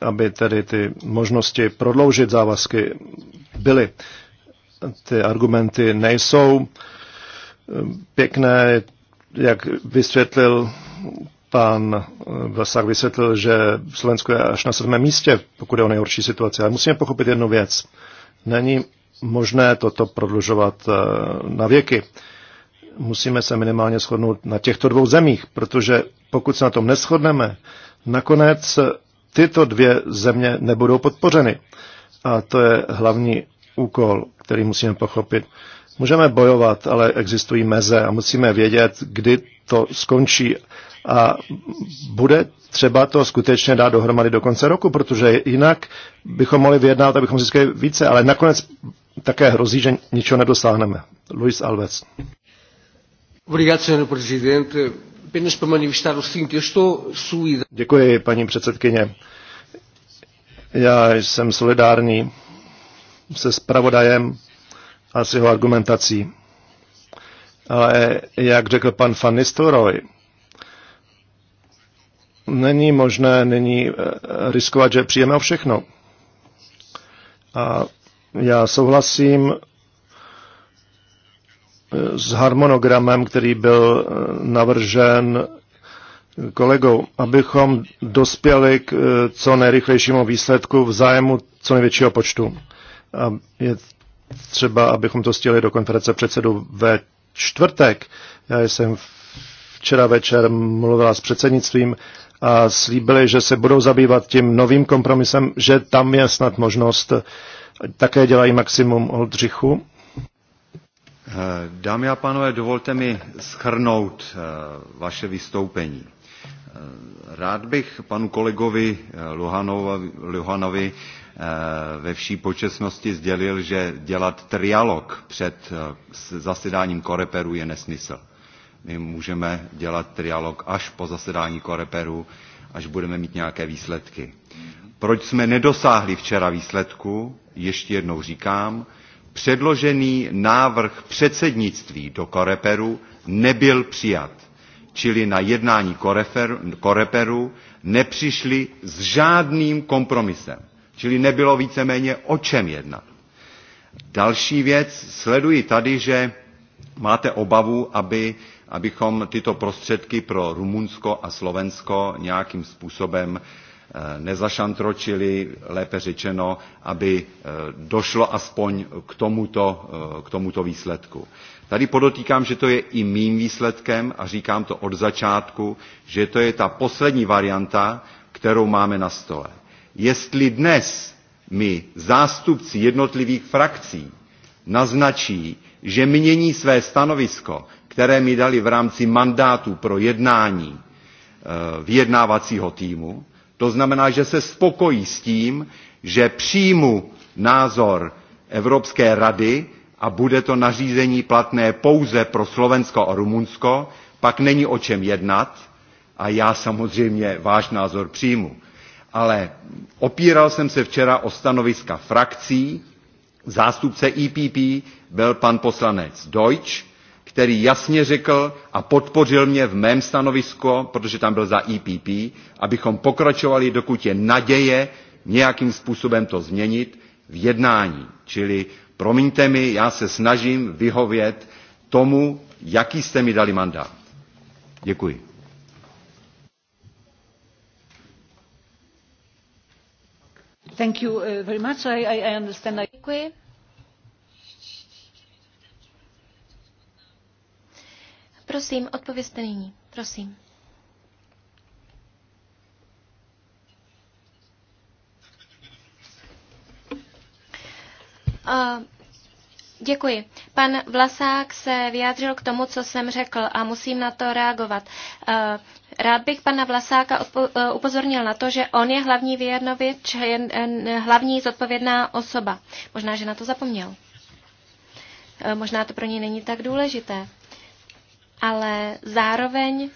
aby tedy ty možnosti prodloužit závazky byly. Ty argumenty nejsou uh, Ehm, pěkné, jak vysvětlil pan eh, Vlasák, vysvětlil, že Slovensko je až na sedmém místě, pokud je o nejhorší situaci. Ale musíme pochopit jednu věc. Není možné toto prodlužovat eh, na věky. Musíme se minimálně shodnout na těchto dvou zemích, protože pokud se na tom neschodneme, nakonec tyto dvě země nebudou podpořeny. A to je hlavní úkol, který musíme pochopit. Můžeme bojovat, ale existují meze a musíme vědět, kdy to skončí. A bude třeba to skutečně dát dohromady do konce roku, protože jinak bychom mohli vyjednat, abychom získali více, ale nakonec také hrozí, že ničeho nedosáhneme. Luis Alves. Děkuji, paní předsedkyně. Já jsem solidární se spravodajem a s jeho argumentací. Ale jak řekl pan Van Nistelrooy, není možné nyní eh, riskovat, že přijeme o všechno. A já souhlasím eh, s harmonogramem, který byl eh, navržen kolegou, abychom dospěli k co nejrychlejšímu výsledku v zájmu co největšího počtu. A je třeba, abychom to stihli do konference předsedu ve čtvrtek. Já jsem včera večer mluvila s předsednictvím a slíbili, že se budou zabývat tím novým kompromisem, že tam je snad možnost. Také dělají maximum Oldřichu. Eh, dámy a pánové, dovolte mi schrnout eh, vaše vystoupení. Eh, rád bych panu kolegovi Luhanovi Eh, ve vší počesnosti sdělil, že dělat trialog před eh, zasedáním Koreperu je nesmysl. My můžeme dělat trialog až po zasedání Koreperu, až budeme mít nějaké výsledky. Proč jsme nedosáhli včera výsledku, ještě jednou říkám, předložený návrh předsednictví do Koreperu nebyl přijat. Čili na jednání Koreperu nepřišli s žádným kompromisem. Čili nebylo víceméně o čem jednat. Další věc, sleduji tady, že máte obavu, aby, abychom tyto prostředky pro Rumunsko a Slovensko nějakým způsobem eh, nezašantročili, lépe řečeno, aby eh, došlo aspoň k tomuto, eh, k tomuto výsledku. Tady podotýkám, že to je i mým výsledkem a říkám to od začátku, že to je ta poslední varianta, kterou máme na stole jestli dnes mi zástupci jednotlivých frakcí naznačí, že mění své stanovisko, které mi dali v rámci mandátu pro jednání eh, vyjednávacího týmu, to znamená, že se spokojí s tím, že přijmu názor Evropské rady a bude to nařízení platné pouze pro Slovensko a Rumunsko, pak není o čem jednat a já samozřejmě váš názor přijmu ale opíral jsem se včera o stanoviska frakcí. Zástupce EPP byl pan poslanec Deutsch, který jasně řekl a podpořil mě v mém stanovisku, protože tam byl za EPP, abychom pokračovali, dokud je naděje nějakým způsobem to změnit v jednání. Čili promiňte mi, já se snažím vyhovět tomu, jaký jste mi dali mandát. Děkuji. Děkuji. Prosím, odpovězte nyní. Prosím. Děkuji. Pan Vlasák se vyjádřil k tomu, co jsem řekl a musím na to reagovat. Rád bych pana Vlasáka eh, upozornil na to, že on je hlavní vyjednovič, hlavní zodpovědná osoba. Možná, že na to zapomněl. Eh, možná to pro něj není tak důležité. Ale zároveň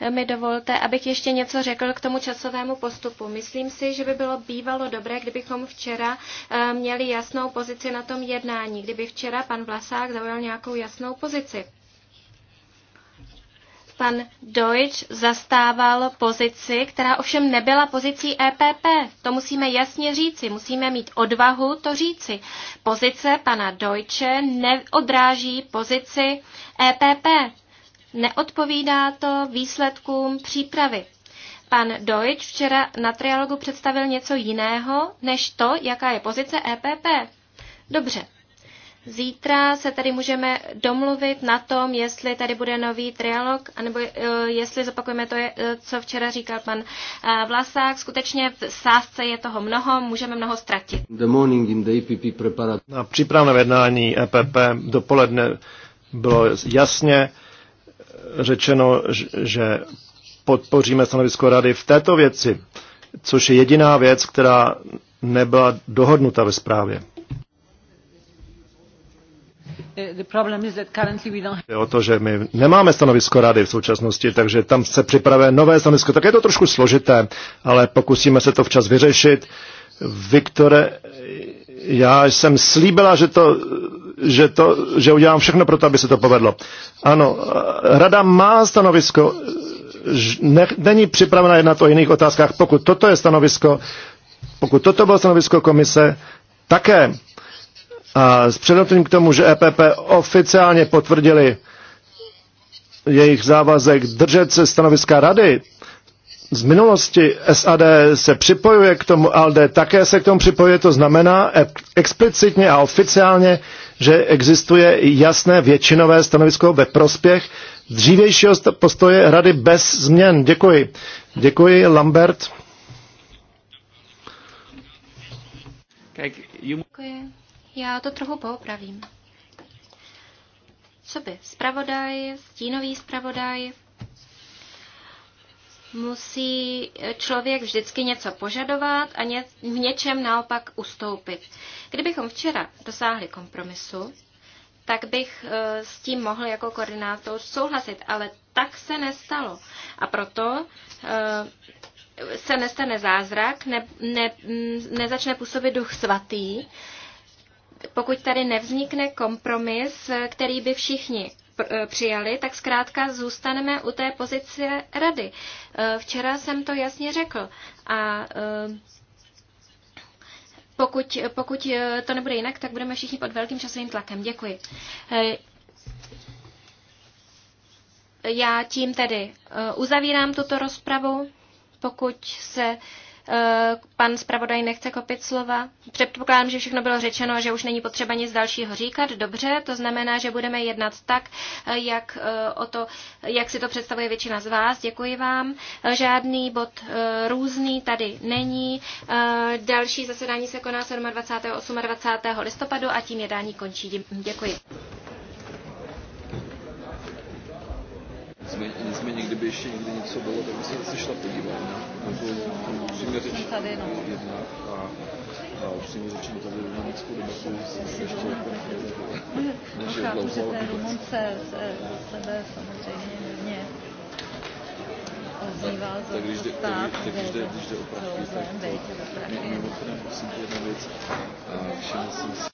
eh, mi dovolte, abych ještě něco řekl k tomu časovému postupu. Myslím si, že by bylo bývalo dobré, kdybychom včera měli jasnou pozici na tom jednání, kdyby včera pan Vlasák zaujal nějakou jasnou pozici pan Deutsch zastával pozici, která ovšem nebyla pozicí EPP. To musíme jasně říci, musíme mít odvahu to říci. Pozice pana Deutsche neodráží pozici EPP. Neodpovídá to výsledkům přípravy. Pan Deutsch včera na trialogu představil něco jiného, než to, jaká je pozice EPP. Dobře, Zítra se tady můžeme domluvit na tom, jestli tady bude nový trialog, anebo eh, jestli zopakujeme to, eh, co včera říkal pan eh, Vlasák. Skutečně v sázce je toho mnoho, můžeme mnoho ztratit. The morning in the EPP Na přípravném jednání EPP dopoledne bylo jasně řečeno, že podpoříme stanovisko rady v této věci, což je jediná věc, která nebyla dohodnuta ve zprávě. Je o to, že my nemáme stanovisko rady v současnosti, takže tam se připravuje nové stanovisko. Tak je to trošku složité, ale pokusíme se to včas vyřešit. Viktore, já jsem slíbila, že to, že to, že udělám všechno pro to, aby se to povedlo. Ano, rada má stanovisko, ne, není připravena jednat o jiných otázkách. Pokud toto je stanovisko, pokud toto bylo stanovisko komise, také a s předotím k tomu, že EPP oficiálně potvrdili jejich závazek držet se stanoviska rady, z minulosti SAD se připojuje k tomu, ALDE také se k tomu připojuje, to znamená e- explicitně a oficiálně, že existuje jasné většinové stanovisko ve prospěch dřívějšího postoje rady bez změn. Děkuji. Děkuji, Lambert. Děkuji. Já to trochu poopravím. Co by? Spravodaj, stínový spravodaj, musí člověk vždycky něco požadovat a ně, v něčem naopak ustoupit. Kdybychom včera dosáhli kompromisu, tak bych eh, s tím mohl jako koordinátor souhlasit, ale tak se nestalo. A proto eh, se nestane zázrak, ne, ne, mm, nezačne působit duch svatý pokud tady nevznikne kompromis, který by všichni eh, přijali, tak zkrátka zůstaneme u té pozice rady. Eh, včera jsem to jasně řekl a eh, pokud, pokud to nebude jinak, tak budeme všichni pod velkým časovým tlakem. Děkuji. Já tím tedy uzavírám tuto rozpravu. Pokud se Eh, pan zpravodaj nechce kopit slova. Předpokládám, že všechno bylo řečeno, že už není potřeba nic dalšího říkat. Dobře, to znamená, že budeme jednat tak, eh, jak, eh, o to, jak si to představuje většina z vás. Děkuji vám. Žádný bod různý tady není. Další zasedání se koná 27. 28. listopadu a tím jednání končí. Děkuji. Nicméně, kdyby ještě někdy něco bylo, tak by se zase šla podívat. Ne? Na to upřímně řečeno tady, no. jednak a, a upřímně řečeno tady na lidskou debatu jsem se ještě jako než je chápu, že to je Rumunce e, sebe samozřejmě hodně tak, tak když jde, stát, tak, když jde, když jde o prachy, tak to, mimochodem, prosím tě, jedna věc, všiml jsem si,